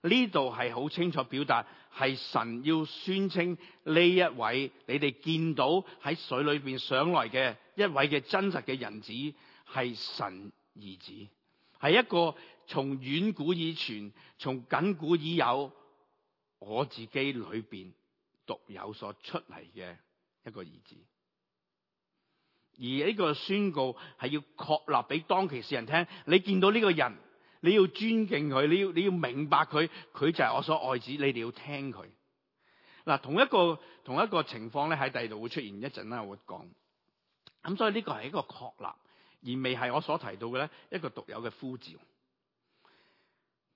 呢度係好清楚表達，係神要宣稱呢一位你哋見到喺水裏邊上嚟嘅一位嘅真實嘅人子，係神兒子，係一個從遠古以傳，從亙古已有，我自己裏邊獨有所出嚟嘅一個兒子。而呢個宣告係要確立俾當其世人聽，你見到呢個人，你要尊敬佢，你要你要明白佢，佢就係我所愛子，你哋要聽佢。嗱，同一個同一個情況咧喺第二度會出現一陣啦，我會講。咁所以呢個係一個確立，而未係我所提到嘅咧一個獨有嘅呼召。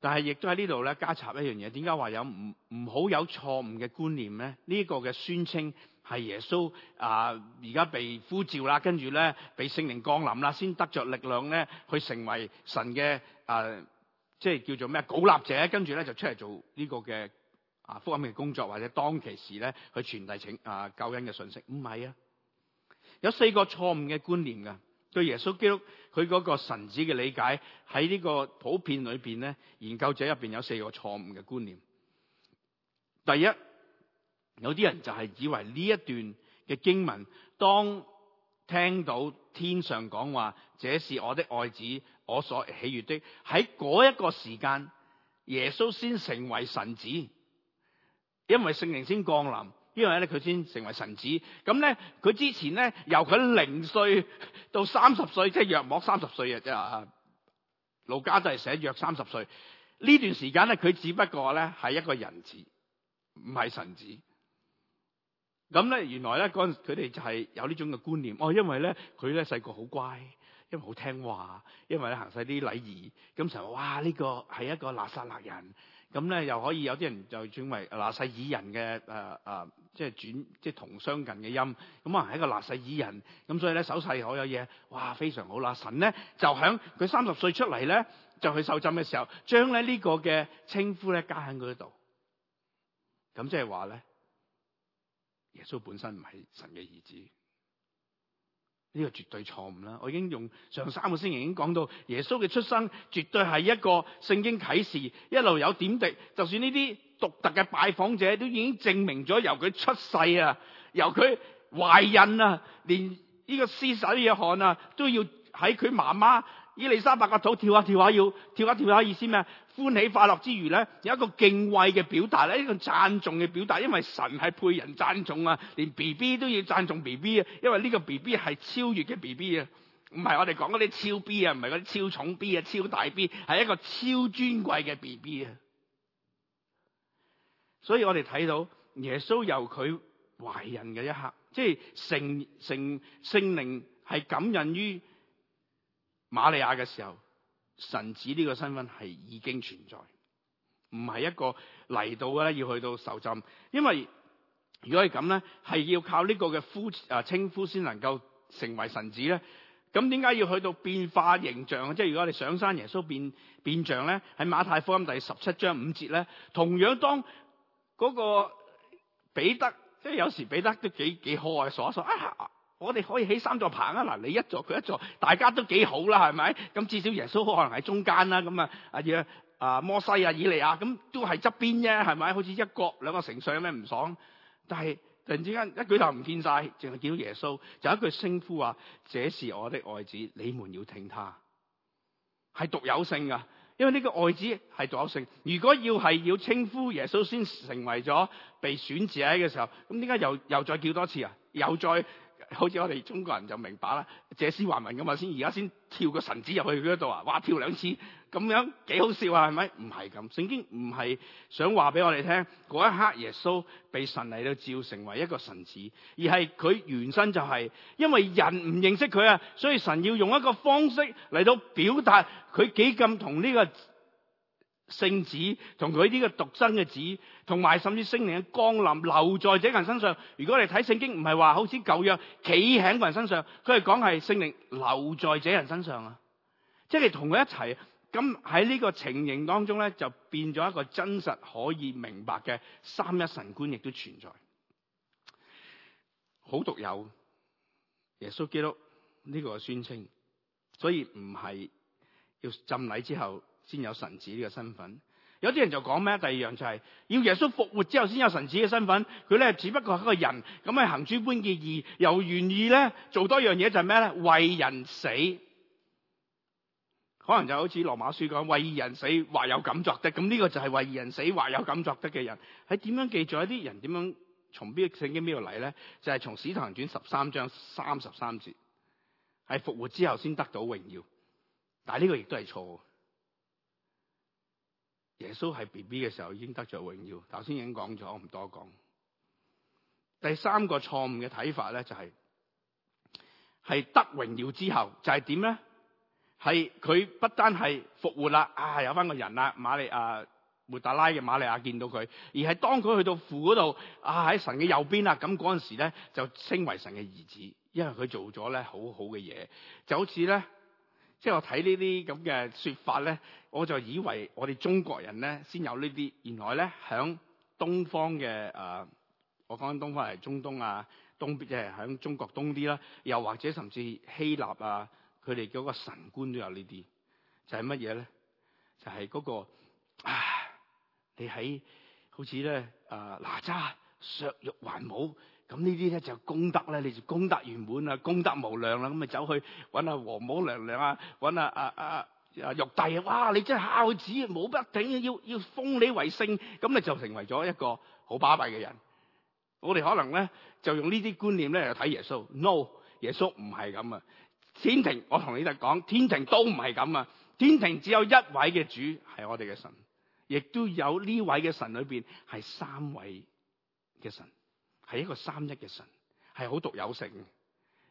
但係亦都喺呢度咧加插一樣嘢，點解話有唔唔好有錯誤嘅觀念咧？呢、呢個嘅宣稱係耶穌啊，而、呃、家被呼召啦，跟住咧被聖靈降臨啦，先得着力量咧，去成為神嘅誒、呃，即係叫做咩啊，建立者，跟住咧就出嚟做呢個嘅啊福音嘅工作，或者當其時咧去傳遞請啊、呃、救恩嘅信息。唔係啊，有四個錯誤嘅觀念噶，對耶穌基督佢嗰個神子嘅理解喺呢個普遍裏邊咧，研究者入邊有四個錯誤嘅觀念。第一。有啲人就係以為呢一段嘅經文，當聽到天上講話，這是我的愛子，我所喜悦的，喺嗰一個時間，耶穌先成為神子，因為聖靈先降臨，因為咧佢先成為神子。咁咧佢之前咧由佢零歲到三十歲，即係約莫三十歲啊，啊，路加就係寫約三十歲。呢段時間咧，佢只不過咧係一個人子，唔係神子。咁咧，原來咧嗰陣佢哋就係有呢種嘅觀念，哦，因為咧佢咧細個好乖，因為好聽話，因為咧行晒啲禮儀，咁就哇呢個係一個拿撒勒人，咁咧又可以有啲人就轉為拿細耳人嘅、呃呃、即係轉即係同相近嘅音，咁可能係一個拿細耳人，咁所以咧手勢好有嘢，哇非常好啦！神咧就響佢三十歲出嚟咧就去受浸嘅時候，將咧呢個嘅稱呼咧加喺佢嗰度，咁即係話咧。耶穌本身唔係神嘅兒子，呢個絕對錯誤啦！我已經用上三個星期已經講到，耶穌嘅出生絕對係一個聖經啟示，一路有點滴，就算呢啲獨特嘅拜訪者都已經證明咗，由佢出世啊，由佢懷孕啊，連呢個施洗約翰啊，都要喺佢媽媽。以利沙伯個肚跳下跳下，要跳下跳下，意思咩？歡喜快樂之餘咧，有一個敬畏嘅表達咧，一個讚頌嘅表達，因為神係配人讚頌啊，連 B B 都要讚頌 B B 啊，因為呢個 B B 係超越嘅 B B 啊，唔係我哋講嗰啲超 B 啊，唔係嗰啲超重 B 啊，超大 B，係一個超尊貴嘅 B B 啊。所以我哋睇到耶穌由佢懷孕嘅一刻，即係成成聖靈係感孕於瑪利亞嘅時候，神子呢個身份係已經存在，唔係一個嚟到嘅咧，要去到受浸，因為如果係咁咧，係要靠呢個嘅呼啊稱呼先能夠成為神子咧。咁點解要去到變化形象？即係如果你上山耶穌變變像咧，喺馬太福音第十七章五節咧，同樣當嗰個彼得，即係有時彼得都幾幾可愛，傻一傻啊！我哋可以起三座棚啊！嗱，你一座佢一座，大家都幾好啦，係咪？咁至少耶穌可能喺中間啦。咁啊，阿啊摩西啊以利亞啊咁都係側邊啫，係咪？好似一國兩個丞相，有咩唔爽？但係突然之間一舉頭唔見晒，淨係見到耶穌，就一句稱呼啊這是我的愛子，你們要聽他。係獨有性噶，因為呢個愛子係獨有性。如果要係要稱呼耶穌先成為咗被選者嘅時候，咁點解又又再叫多次啊？又再。好似我哋中國人就明白啦，借屍還魂咁話，先而家先跳個神子入去佢嗰度啊，哇跳兩次咁樣幾好笑啊，係咪？唔係咁，聖經唔係想話俾我哋聽嗰一刻耶穌被神嚟到召成為一個神子，而係佢原身就係因為人唔認識佢啊，所以神要用一個方式嚟到表達佢幾咁同呢個。聖子同佢呢個獨生嘅子，同埋甚至聖靈嘅光臨留在這人身上。如果你睇聖經，唔係話好似舊約企喺個人身上，佢係講係聖靈留在這人身上啊，即係你同佢一齊。咁喺呢個情形當中咧，就變咗一個真實可以明白嘅三一神觀，亦都存在。好獨有，耶穌基督呢個宣稱，所以唔係要浸禮之後。先有神子呢個身份，有啲人就講咩？第二樣就係、是、要耶穌復活之後先有神子嘅身份，佢咧只不過係一個人，咁啊行諸般嘅義，又願意咧做多樣嘢，就係咩咧？為人死，可能就好似羅馬書講，為人死，或有敢作的，咁呢個就係為人死，或有敢作的嘅人，喺點樣記載？一啲人點樣從邊聖經邊度嚟咧？就係、是、從使徒行傳十三章三十三節，喺復活之後先得到榮耀，但係呢個亦都係錯。耶穌係 B B 嘅時候已經得咗榮耀，頭先已經講咗，我唔多講。第三個錯誤嘅睇法咧，就是，就係係得榮耀之後就係點咧？係佢不單係復活啦，啊有翻個人啦，瑪利亞抹大拉嘅瑪利亞見到佢，而係當佢去到父嗰度，啊喺神嘅右邊啦，咁嗰陣時咧就升為神嘅兒子，因為佢做咗咧好好嘅嘢，就好似咧。即係我睇呢啲咁嘅説法咧，我就以為我哋中國人咧先有呢啲。原來咧，響東方嘅誒，我講緊東方係中東啊，東即係響中國東啲啦。又或者甚至希臘啊，佢哋嗰個神官都有呢啲。就係乜嘢咧？就係嗰個啊，你喺好似咧啊哪吒削肉還母。咁呢啲咧就功德咧，你就功德圓滿啦，功德無量啦，咁咪走去揾下王母娘娘啊，揾下啊啊啊玉帝啊，哇！你真係孝子，冇得頂要要封你為聖，咁你就成為咗一個好巴閉嘅人。我哋可能咧就用呢啲觀念咧嚟睇耶穌，no，耶穌唔係咁啊！天庭，我同你哋講，天庭都唔係咁啊！天庭只有一位嘅主係我哋嘅神，亦都有呢位嘅神裏邊係三位嘅神。係一個三一嘅神，係好獨有性，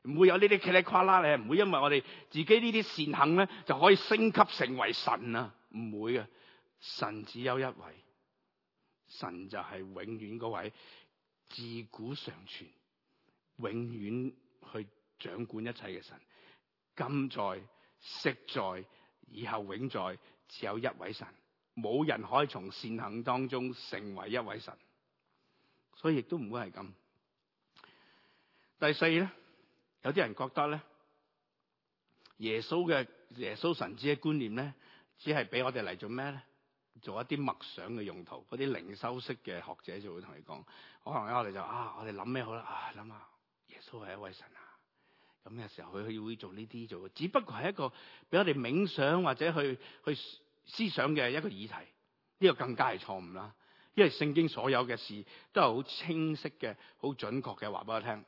唔會有呢啲噼里誇啦咧，唔會因為我哋自己呢啲善行咧就可以升級成為神啊，唔會嘅，神只有一位，神就係永遠嗰位，自古常存，永遠去掌管一切嘅神，今在、昔在、以後永在，只有一位神，冇人可以從善行當中成為一位神。佢亦都唔會係咁。第四咧，有啲人覺得咧，耶穌嘅耶穌神子嘅觀念咧，只係俾我哋嚟做咩咧？做一啲默想嘅用途，嗰啲靈修式嘅學者就會同你講，可能咧我哋就啊，我哋諗咩好啦？啊諗下，耶穌係一位神啊，咁嘅時候佢佢會做呢啲做，只不過係一個俾我哋冥想或者去去思想嘅一個議題，呢個更加係錯誤啦。因為聖經所有嘅事都係好清晰嘅、好準確嘅話，俾我聽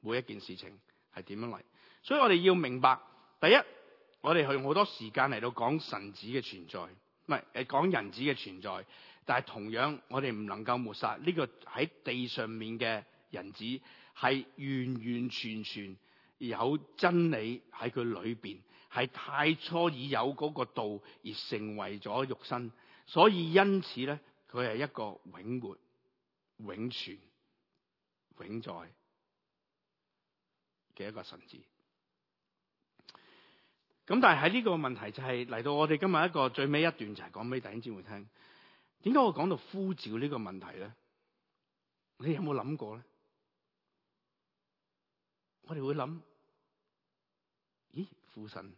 每一件事情係點樣嚟。所以我哋要明白，第一，我哋用好多時間嚟到講神子嘅存在，唔係誒講人子嘅存在。但係同樣，我哋唔能夠抹殺呢個喺地上面嘅人子係完完全全有真理喺佢裏邊，係太初已有嗰個道而成為咗肉身。所以因此咧，佢係一個永活、永存、永在嘅一個神子。咁但係喺呢個問題就係嚟到我哋今日一個最尾一段就係講俾弟兄姊妹聽，點解我講到呼召呢個問題咧？你有冇諗過咧？我哋會諗，咦，父神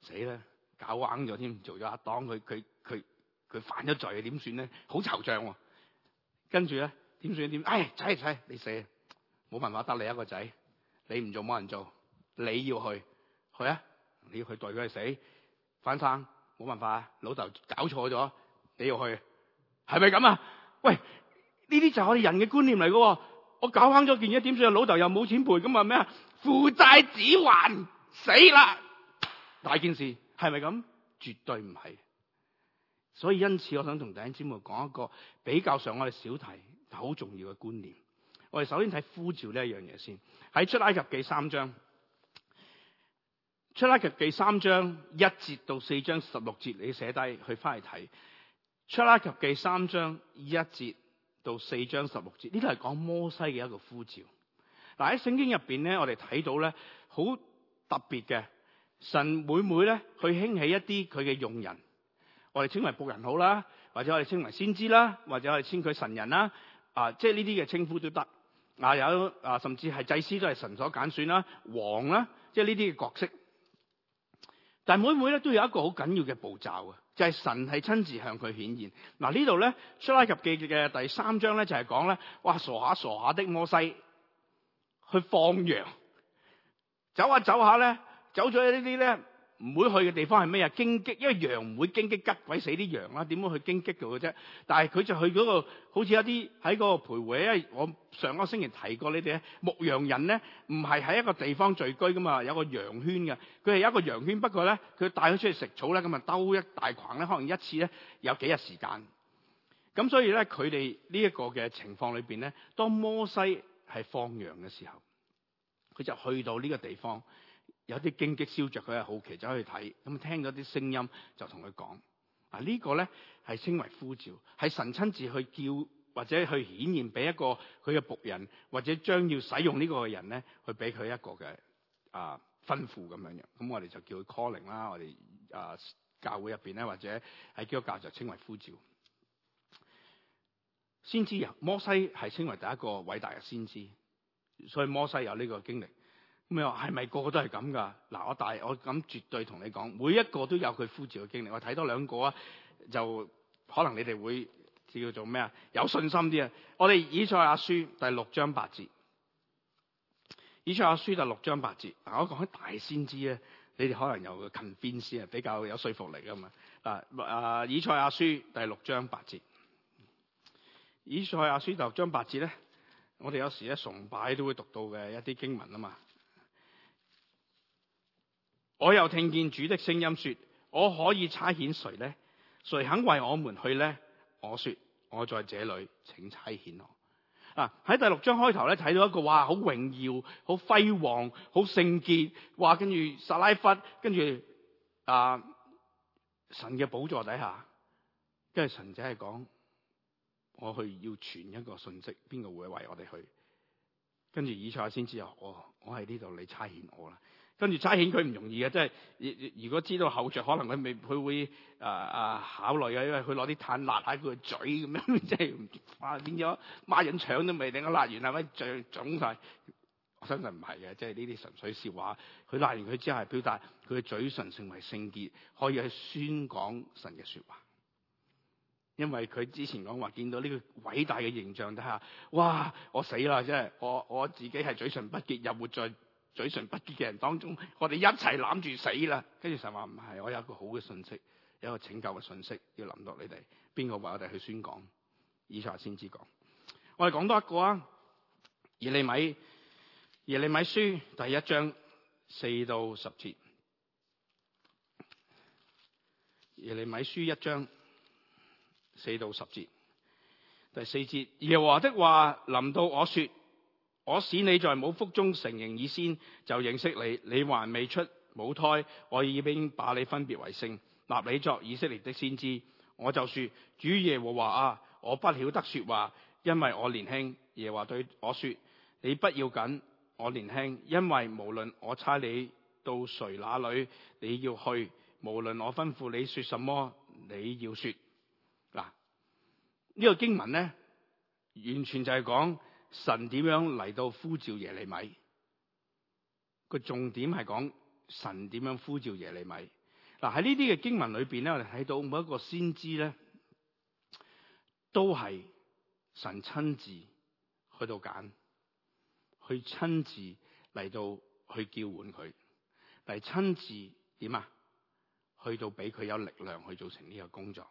死啦，搞彎咗添，做咗一檔佢佢佢。他他他佢犯咗罪了，點算咧？好惆悵、啊，跟住咧，點算點？哎，仔仔，你死，冇辦法，得你一個仔，你唔做冇人做，你要去，去啊！你要去代佢去死，翻生，冇辦法啊！老豆搞錯咗，你要去，係咪咁啊？喂，呢啲就係我哋人嘅觀念嚟噶，我搞坑咗件嘢點算？老豆又冇錢賠，咁話咩啊？父債子還死啦！大件事係咪咁？絕對唔係。所以因此，我想同弟兄姊妹講一個比較上我哋少提好重要嘅觀念。我哋首先睇呼召呢一樣嘢先。喺出埃及記三章，出埃及記三章一節到四章十六節，你寫低去翻嚟睇。出埃及記三章一節到四章十六節，呢都係講摩西嘅一個呼召。嗱喺聖經入邊咧，我哋睇到咧好特別嘅，神每每咧去興起一啲佢嘅用人。我哋稱為僕人好啦，或者我哋稱為先知啦，或者我哋稱佢神人啦，啊，即係呢啲嘅稱呼都得。嗱有啊，甚至係祭司都係神所揀選啦，王啦，即係呢啲嘅角色。但係每每咧，都有一個好緊要嘅步驟嘅，就係、是、神係親自向佢顯現。嗱、啊、呢度咧，《出埃及記》嘅第三章咧就係講咧，哇傻下傻下的摩西去放羊，走下走下咧，走咗一啲啲咧。唔會去嘅地方係咩啊？荊棘，因為羊唔會荊棘吉鬼死啲羊啦，點會去荊棘度嘅啫？但係佢就去嗰個好似一啲喺個徘徊，因為我上個星期提過你哋牧羊人咧唔係喺一個地方聚居噶嘛，有個羊圈嘅，佢係一個羊圈，不過咧佢帶佢出去食草咧，咁啊兜一大圈咧，可能一次咧有幾日時間。咁所以咧，佢哋呢一個嘅情況裏面咧，當摩西係放羊嘅時候，佢就去到呢個地方。有啲荊棘燒着佢，係好奇走去睇，咁聽咗啲聲音就同佢講，啊、這個、呢個咧係稱為呼召，係神親自去叫或者去顯現俾一個佢嘅僕人或者將要使用呢個嘅人咧，去俾佢一個嘅啊吩咐咁樣樣，咁我哋就叫佢 calling 啦，我哋啊教會入邊咧或者喺基督教就稱為呼召。先知啊摩西係稱為第一個偉大嘅先知，所以摩西有呢個經歷。咁話係咪個個都係咁㗎？嗱，我大我咁絕對同你講，每一個都有佢呼召嘅經歷。我睇多兩個啊，就可能你哋會叫做咩啊？有信心啲啊！我哋以賽亞書第六章八節，以賽亞書第六章八節。嗱，我講啲大先知咧，你哋可能又近邊先啊？比較有說服力㗎嘛。啊以賽亞書第六章八節，以賽亞書第六章八節咧，我哋有時咧崇拜都會讀到嘅一啲經文啊嘛。我又聽見主的聲音說：我可以差遣誰呢？誰肯為我們去呢？我說：我在這裏，請差遣我。啊！喺第六章開頭咧睇到一個哇，好榮耀、好輝煌、好聖潔，哇！跟住撒拉弗，跟住啊神嘅寶座底下，跟住神就係講：我去要傳一個信息，邊個會為我哋去？跟住以賽先知啊，我我喺呢度，你差遣我啦。跟住差遣佢唔容易啊，即係如果知道後着，可能佢未佢會、呃、啊啊考慮啊，因為佢攞啲炭辣喺佢個嘴咁樣，即係哇變咗孖人腸都未，定，我焫完係咪嘴腫晒？我相信唔係嘅，即係呢啲純粹笑話。佢辣完佢之後係表達佢嘅嘴唇成為聖潔，可以去宣講神嘅說話。因為佢之前講話見到呢個偉大嘅形象底下，哇！我死啦！即係我我自己係嘴唇不潔又活在嘴唇不潔嘅人當中，我哋一齊攬住死啦！跟住神話唔係，我有一個好嘅信息，有一個拯救嘅信息要臨到你哋。邊個話我哋去宣講？以下先知講，我哋講多一個啊。耶利米耶利米書第一章四到十節，耶利米書一章四到十節，第四節耶和華的話臨到我說。我使你在母腹中成形以先就認識你，你還未出母胎，我已經把你分別為聖，立你作以色列的先知。我就說主耶和華啊，我不曉得說話，因為我年輕。耶和華對我說：你不要緊，我年輕，因為無論我差你到誰那裏，你要去；無論我吩咐你說什麼，你要說。嗱，呢個經文呢，完全就係講。神點樣嚟到呼召耶利米？個重點係講神點樣呼召耶利米。嗱，喺呢啲嘅經文裏邊咧，我哋睇到每一個先知咧，都係神親自去到揀，去親自嚟到去叫喚佢，嚟親自點啊？去到俾佢有力量去做成呢個工作。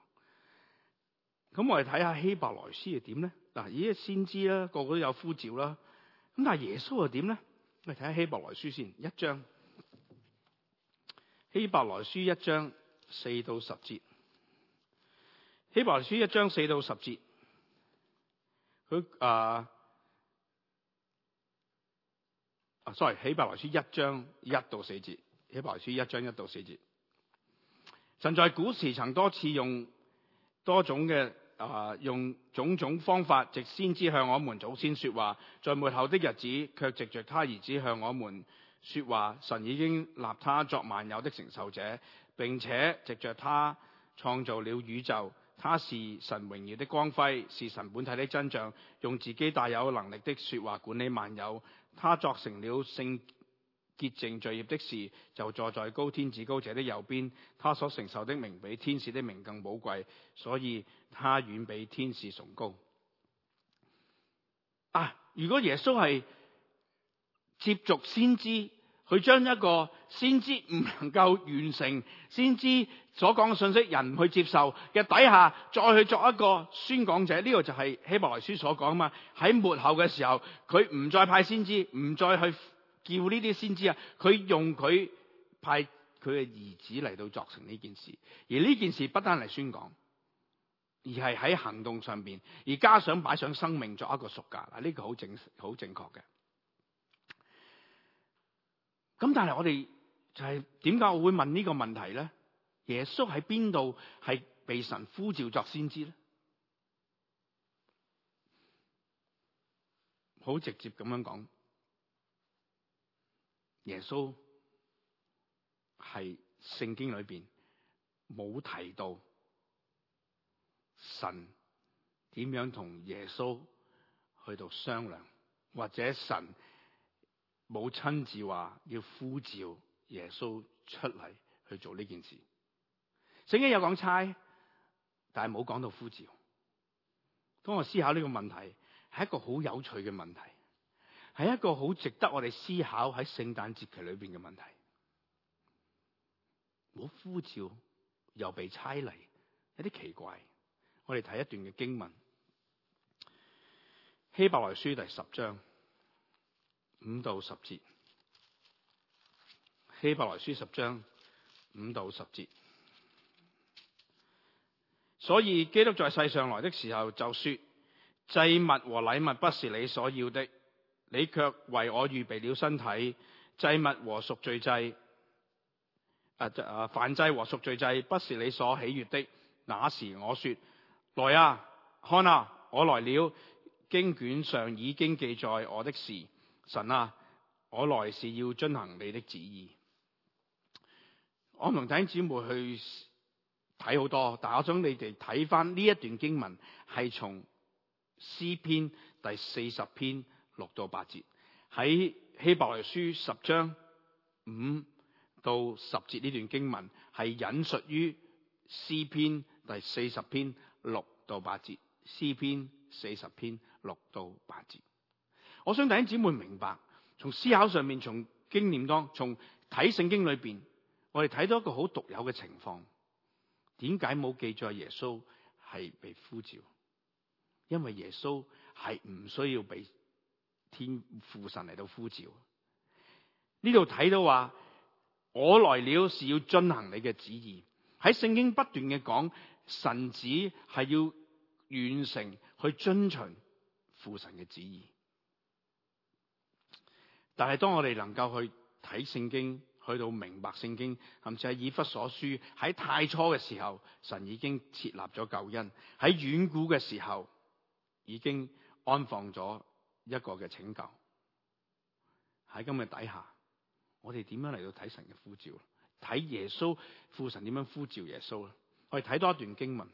咁我哋睇下希伯來書係點咧？嗱，咦先知啦，個個都有呼召啦。咁但係耶穌又點咧？我哋睇下希伯來書先，一章。希伯來書一章四到十節。希伯來書一章四到十節。佢啊、啊、uh，sorry，希伯來書一章一到四節。希伯來書一章一到四節。神在古時曾多次用。多種嘅啊、呃，用種種方法，藉先知向我們祖先說話，在末後的日子，卻藉著他兒子向我們說話。神已經立他作萬有的承受者，並且藉著他創造了宇宙。他是神榮耀的光輝，是神本體的真像，用自己大有能力的說話管理萬有。他作成了聖，潔淨罪孽的事，就坐在高天至高者的右邊。他所承受的名比天使的名更寶貴，所以他遠比天使崇高。啊！如果耶穌係接觸先知，佢將一個先知唔能夠完成，先知所講嘅信息，人唔去接受嘅底下，再去作一個宣講者，呢個就係希伯來書所講嘛。喺末後嘅時候，佢唔再派先知，唔再去。叫呢啲先知啊，佢用佢派佢嘅兒子嚟,到作成呢件事，而呢件事不單係宣講，而係喺行動上邊，而加上擺上生命作一個贖價，嗱、這、呢個好正好正確嘅。咁但係我哋就係點解我會問呢個問題咧？耶穌喺邊度係被神呼召作先知咧？好直接咁樣講。耶穌係聖經裏邊冇提到神點樣同耶穌去到商量，或者神冇親自話要呼召耶穌出嚟去做呢件事。聖經有講差，但係冇講到呼召。當我思考呢個問題，係一個好有趣嘅問題。係一個好值得我哋思考喺聖誕節期裏邊嘅問題。冇呼召，又被差嚟，有啲奇怪。我哋睇一段嘅經文，《希伯來書》第十章五到十節，《希伯來書》十章五到十節。所以基督在世上來的時候，就說祭物和禮物不是你所要的。你卻為我預備了身體。祭物和贖罪祭，燔、啊、誒，燔祭和贖罪祭，不是你所喜悅的。那時我說：來啊，看啊，我來了。經卷上已經記載我的事。神啊，我來是要遵行你的旨意。我同弟兄姊妹去睇好多，但我想你哋睇返呢一段經文，係從詩篇第四十篇。六到八節。喺希伯來書十章五到十節，呢段經文係引述於詩篇第四十篇六到八節。詩篇四十篇六到八節，我想弟兄姊妹明白，從思考上面、從經驗當、從睇聖經裏邊，我哋睇到一個好獨有嘅情況。點解冇記載耶穌係被呼召？因為耶穌係唔需要被。天父神嚟到呼召。呢度睇到話，我來了是要遵行你嘅旨意。喺聖經不斷嘅講，神子係要完成去遵循父神嘅旨意。但係當我哋能夠去睇聖經，去到明白聖經，甚至係以弗所書喺太初嘅時候，神已經設立咗救恩，喺遠古嘅時候已經安放咗。一個嘅拯救喺今日底下，我哋點樣嚟到睇神嘅呼召？睇耶穌父神點樣呼召耶穌咧？我哋睇多一段經文，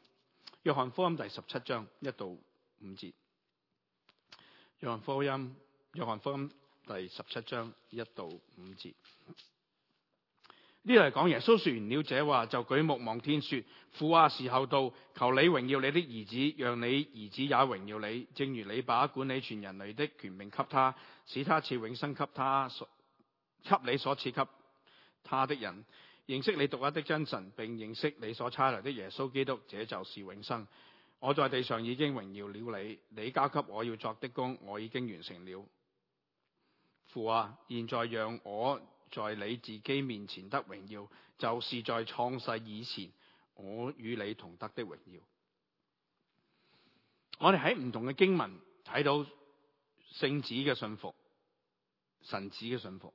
約翰福音第十七章一到五節。約翰福音，約翰福音第十七章一到五節。呢度嚟講，耶穌說完了這話，就舉目望天說：父啊，時候到，求你榮耀你的兒子，讓你兒子也榮耀你。正如你把管理全人類的權柄給他，使他賜永生給他給你所賜給他的人，認識你獨一的真神，並認識你所差來的耶穌基督，這就是永生。我在地上已經榮耀了你，你交給我要作的工，我已經完成了。父啊，現在讓我。在你自己面前得榮耀，就是在創世以前，我與你同得的榮耀。我哋喺唔同嘅經文睇到聖子嘅信服，神子嘅信服。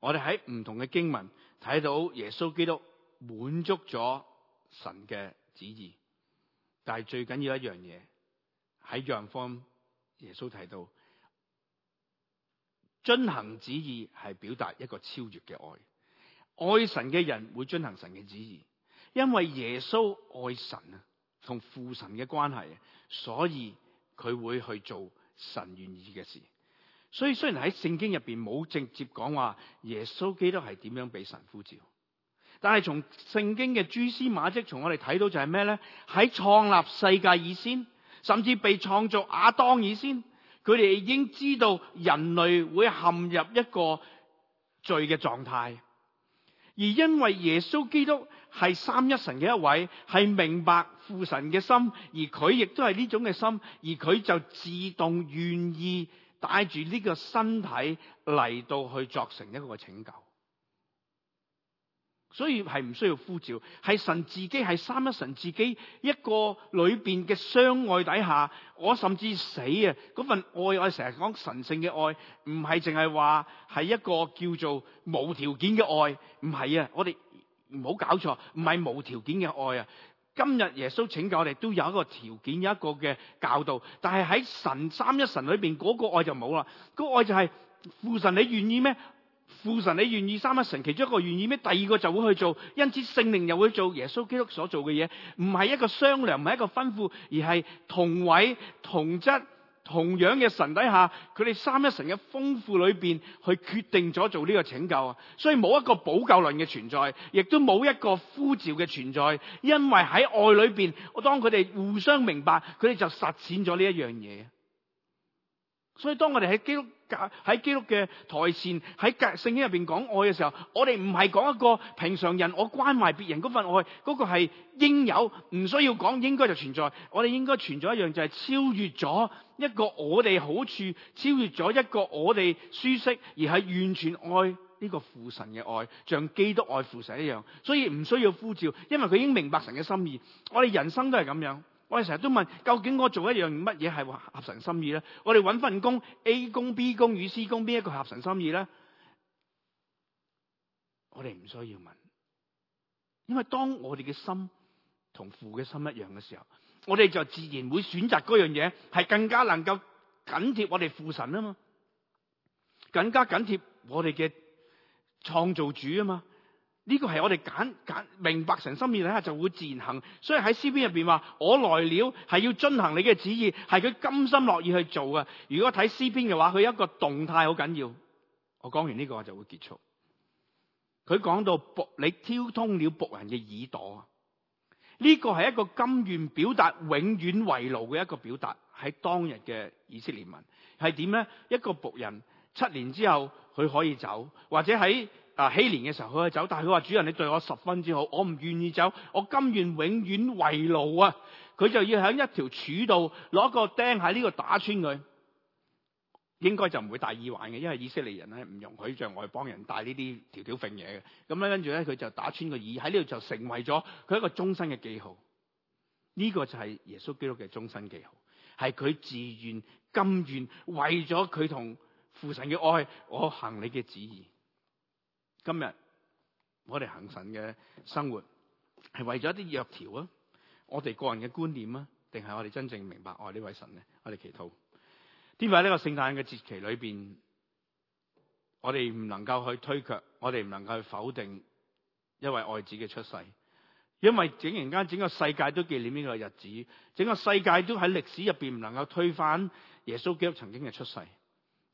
我哋喺唔同嘅經文睇到耶穌基督滿足咗神嘅旨意。但係最緊要一樣嘢喺約翰福音，耶穌提到。遵行旨意係表達一個超越嘅愛愛神嘅人會遵行神嘅旨意，因為耶穌愛神啊，同父神嘅關係，所以佢會去做神願意嘅事。所以雖然喺聖經入邊冇直接講話耶穌基督係點樣俾神呼召，但係從聖經嘅蛛絲馬跡，從我哋睇到就係咩呢？喺創立世界以先，甚至被創造亞當以先。佢哋已經知道人類會陷入一個罪嘅狀態，而因為耶穌基督係三一神嘅一位，係明白父神嘅心，而佢亦都係呢種嘅心，而佢就自動願意帶住呢個身體嚟到去作成一個拯救。所以係唔需要呼召，係神自己，係三一神自己一個裏邊嘅相愛底下，我甚至死啊！嗰份愛，我成日講神聖嘅愛，唔係淨係話係一個叫做無條件嘅愛，唔係啊！我哋唔好搞錯，唔係無條件嘅愛啊！今日耶穌請教我哋，都有一個條件，有一個嘅教導，但係喺神三一神裏邊嗰、嗰個愛就冇啦，嗰個愛就係、係、父神，你願意咩？父神你願意，三一神其中一個願意咩？第二個就會去做，因此聖靈又會做耶穌基督所做嘅嘢，唔係一個商量，唔係一個吩咐，而係同位、同質、同樣嘅神底下，佢哋三一神嘅豐富裏邊去決定咗做呢個拯救啊！所以冇一個補救論嘅存在，亦都冇一個呼召嘅存在，因為喺愛裏邊，我當佢哋互相明白，佢哋就實踐咗呢一樣嘢。所以當我哋喺基督。喺基督嘅台前，喺聖經入邊講愛嘅時候，我哋唔係講一個平常人，我關懷別人嗰份愛，嗰、那個係應有，唔需要講應該就存在。我哋應該存在一樣就係、是、超越咗一個我哋好處，超越咗一個我哋舒適，而係完全愛呢個父神嘅愛，像基督愛父神一樣。所以唔需要呼召，因為佢已經明白神嘅心意。我哋人生都係咁樣。我哋成日都問，究竟我做一樣乜嘢係合神心意咧？我哋揾份工 A 工、B 工與 C 工，邊一個合神心意咧？我哋唔需要問，因為當我哋嘅心同父嘅心一樣嘅時候，我哋就自然會選擇嗰樣嘢係更加能夠緊貼我哋父神啊嘛，更加緊貼我哋嘅創造主啊嘛。呢、這個係我哋簡簡明白神心意睇下，就會自然行，所以喺詩篇入邊話我來了係要遵行你嘅旨意，係佢甘心樂意去做嘅。如果睇詩篇嘅話，佢一個動態好緊要。我講完呢個我就會結束。佢講到僕你挑通了僕人嘅耳朵，呢、這個係一個甘願表達永遠為奴嘅一個表達，喺當日嘅以色列文係點呢？一個僕人七年之後佢可以走，或者喺啊！禧年嘅時候佢去走，但係佢話，主人你對我十分之好，我唔願意走，我甘願永遠為奴啊！佢就要喺一條柱度攞個釘喺呢度打穿佢，應該就唔會戴耳環嘅，因為以色列人咧唔容許像外邦人戴呢啲條條揈嘢。嘅咁咧，跟住咧佢就打穿個耳喺呢度，就成為咗佢一個終身嘅記號。呢個就係耶穌基督嘅終身記號，係佢自願甘願為咗佢同父神嘅愛，我行你嘅旨意。今日我哋行神嘅生活係為咗一啲約條啊，我哋個人嘅觀念啊，定係我哋真正明白愛呢位神咧？我哋祈禱。點解呢個聖誕嘅節期裏邊，我哋唔能夠去推卻，我哋唔能夠去否定，因為愛子嘅出世。因為竟然間整個世界都紀念呢個日子，整個世界都喺歷史入邊唔能夠推翻耶穌基督曾經嘅出世。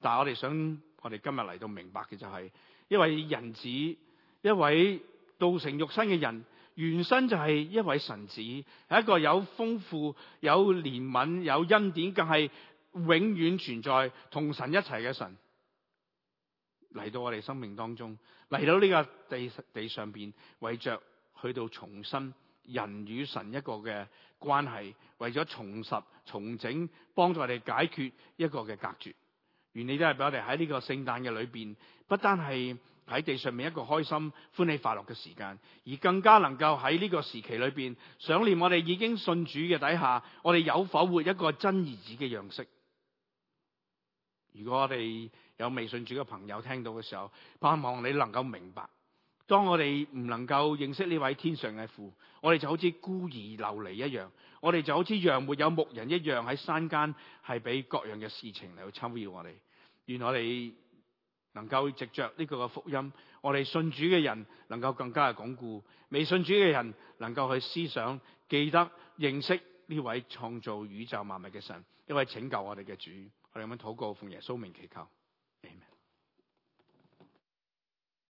但係我哋想，我哋今日嚟到明白嘅就係、是。一位人子，一位道成肉身嘅人，原身就係一位神子，係一個有豐富、有憐憫、有恩典，更係永遠存在同神一齊嘅神嚟到我哋生命當中，嚟到呢個地地上邊，為着去到重生人與神一個嘅關係，為咗重拾、重整，幫助我哋解決一個嘅隔絕。原理都係俾我哋喺呢個聖誕嘅裏邊，不單係喺地上面一個開心、歡喜、快樂嘅時間，而更加能夠喺呢個時期裏邊，想念我哋已經信主嘅底下，我哋有否活一個真兒子嘅樣式？如果我哋有未信主嘅朋友聽到嘅時候，盼望你能夠明白。當我哋唔能夠認識呢位天上嘅父，我哋就好似孤兒流離一樣，我哋就好似羊沒有牧人一樣喺山間係俾各樣嘅事情嚟去侵擾我哋。願我哋能夠藉着呢個嘅福音，我哋信主嘅人能夠更加嘅鞏固，未信主嘅人能夠去思想、記得、認識呢位創造宇宙萬物嘅神，一位拯救我哋嘅主。我哋咁禱告奉耶穌名祈求，Amen。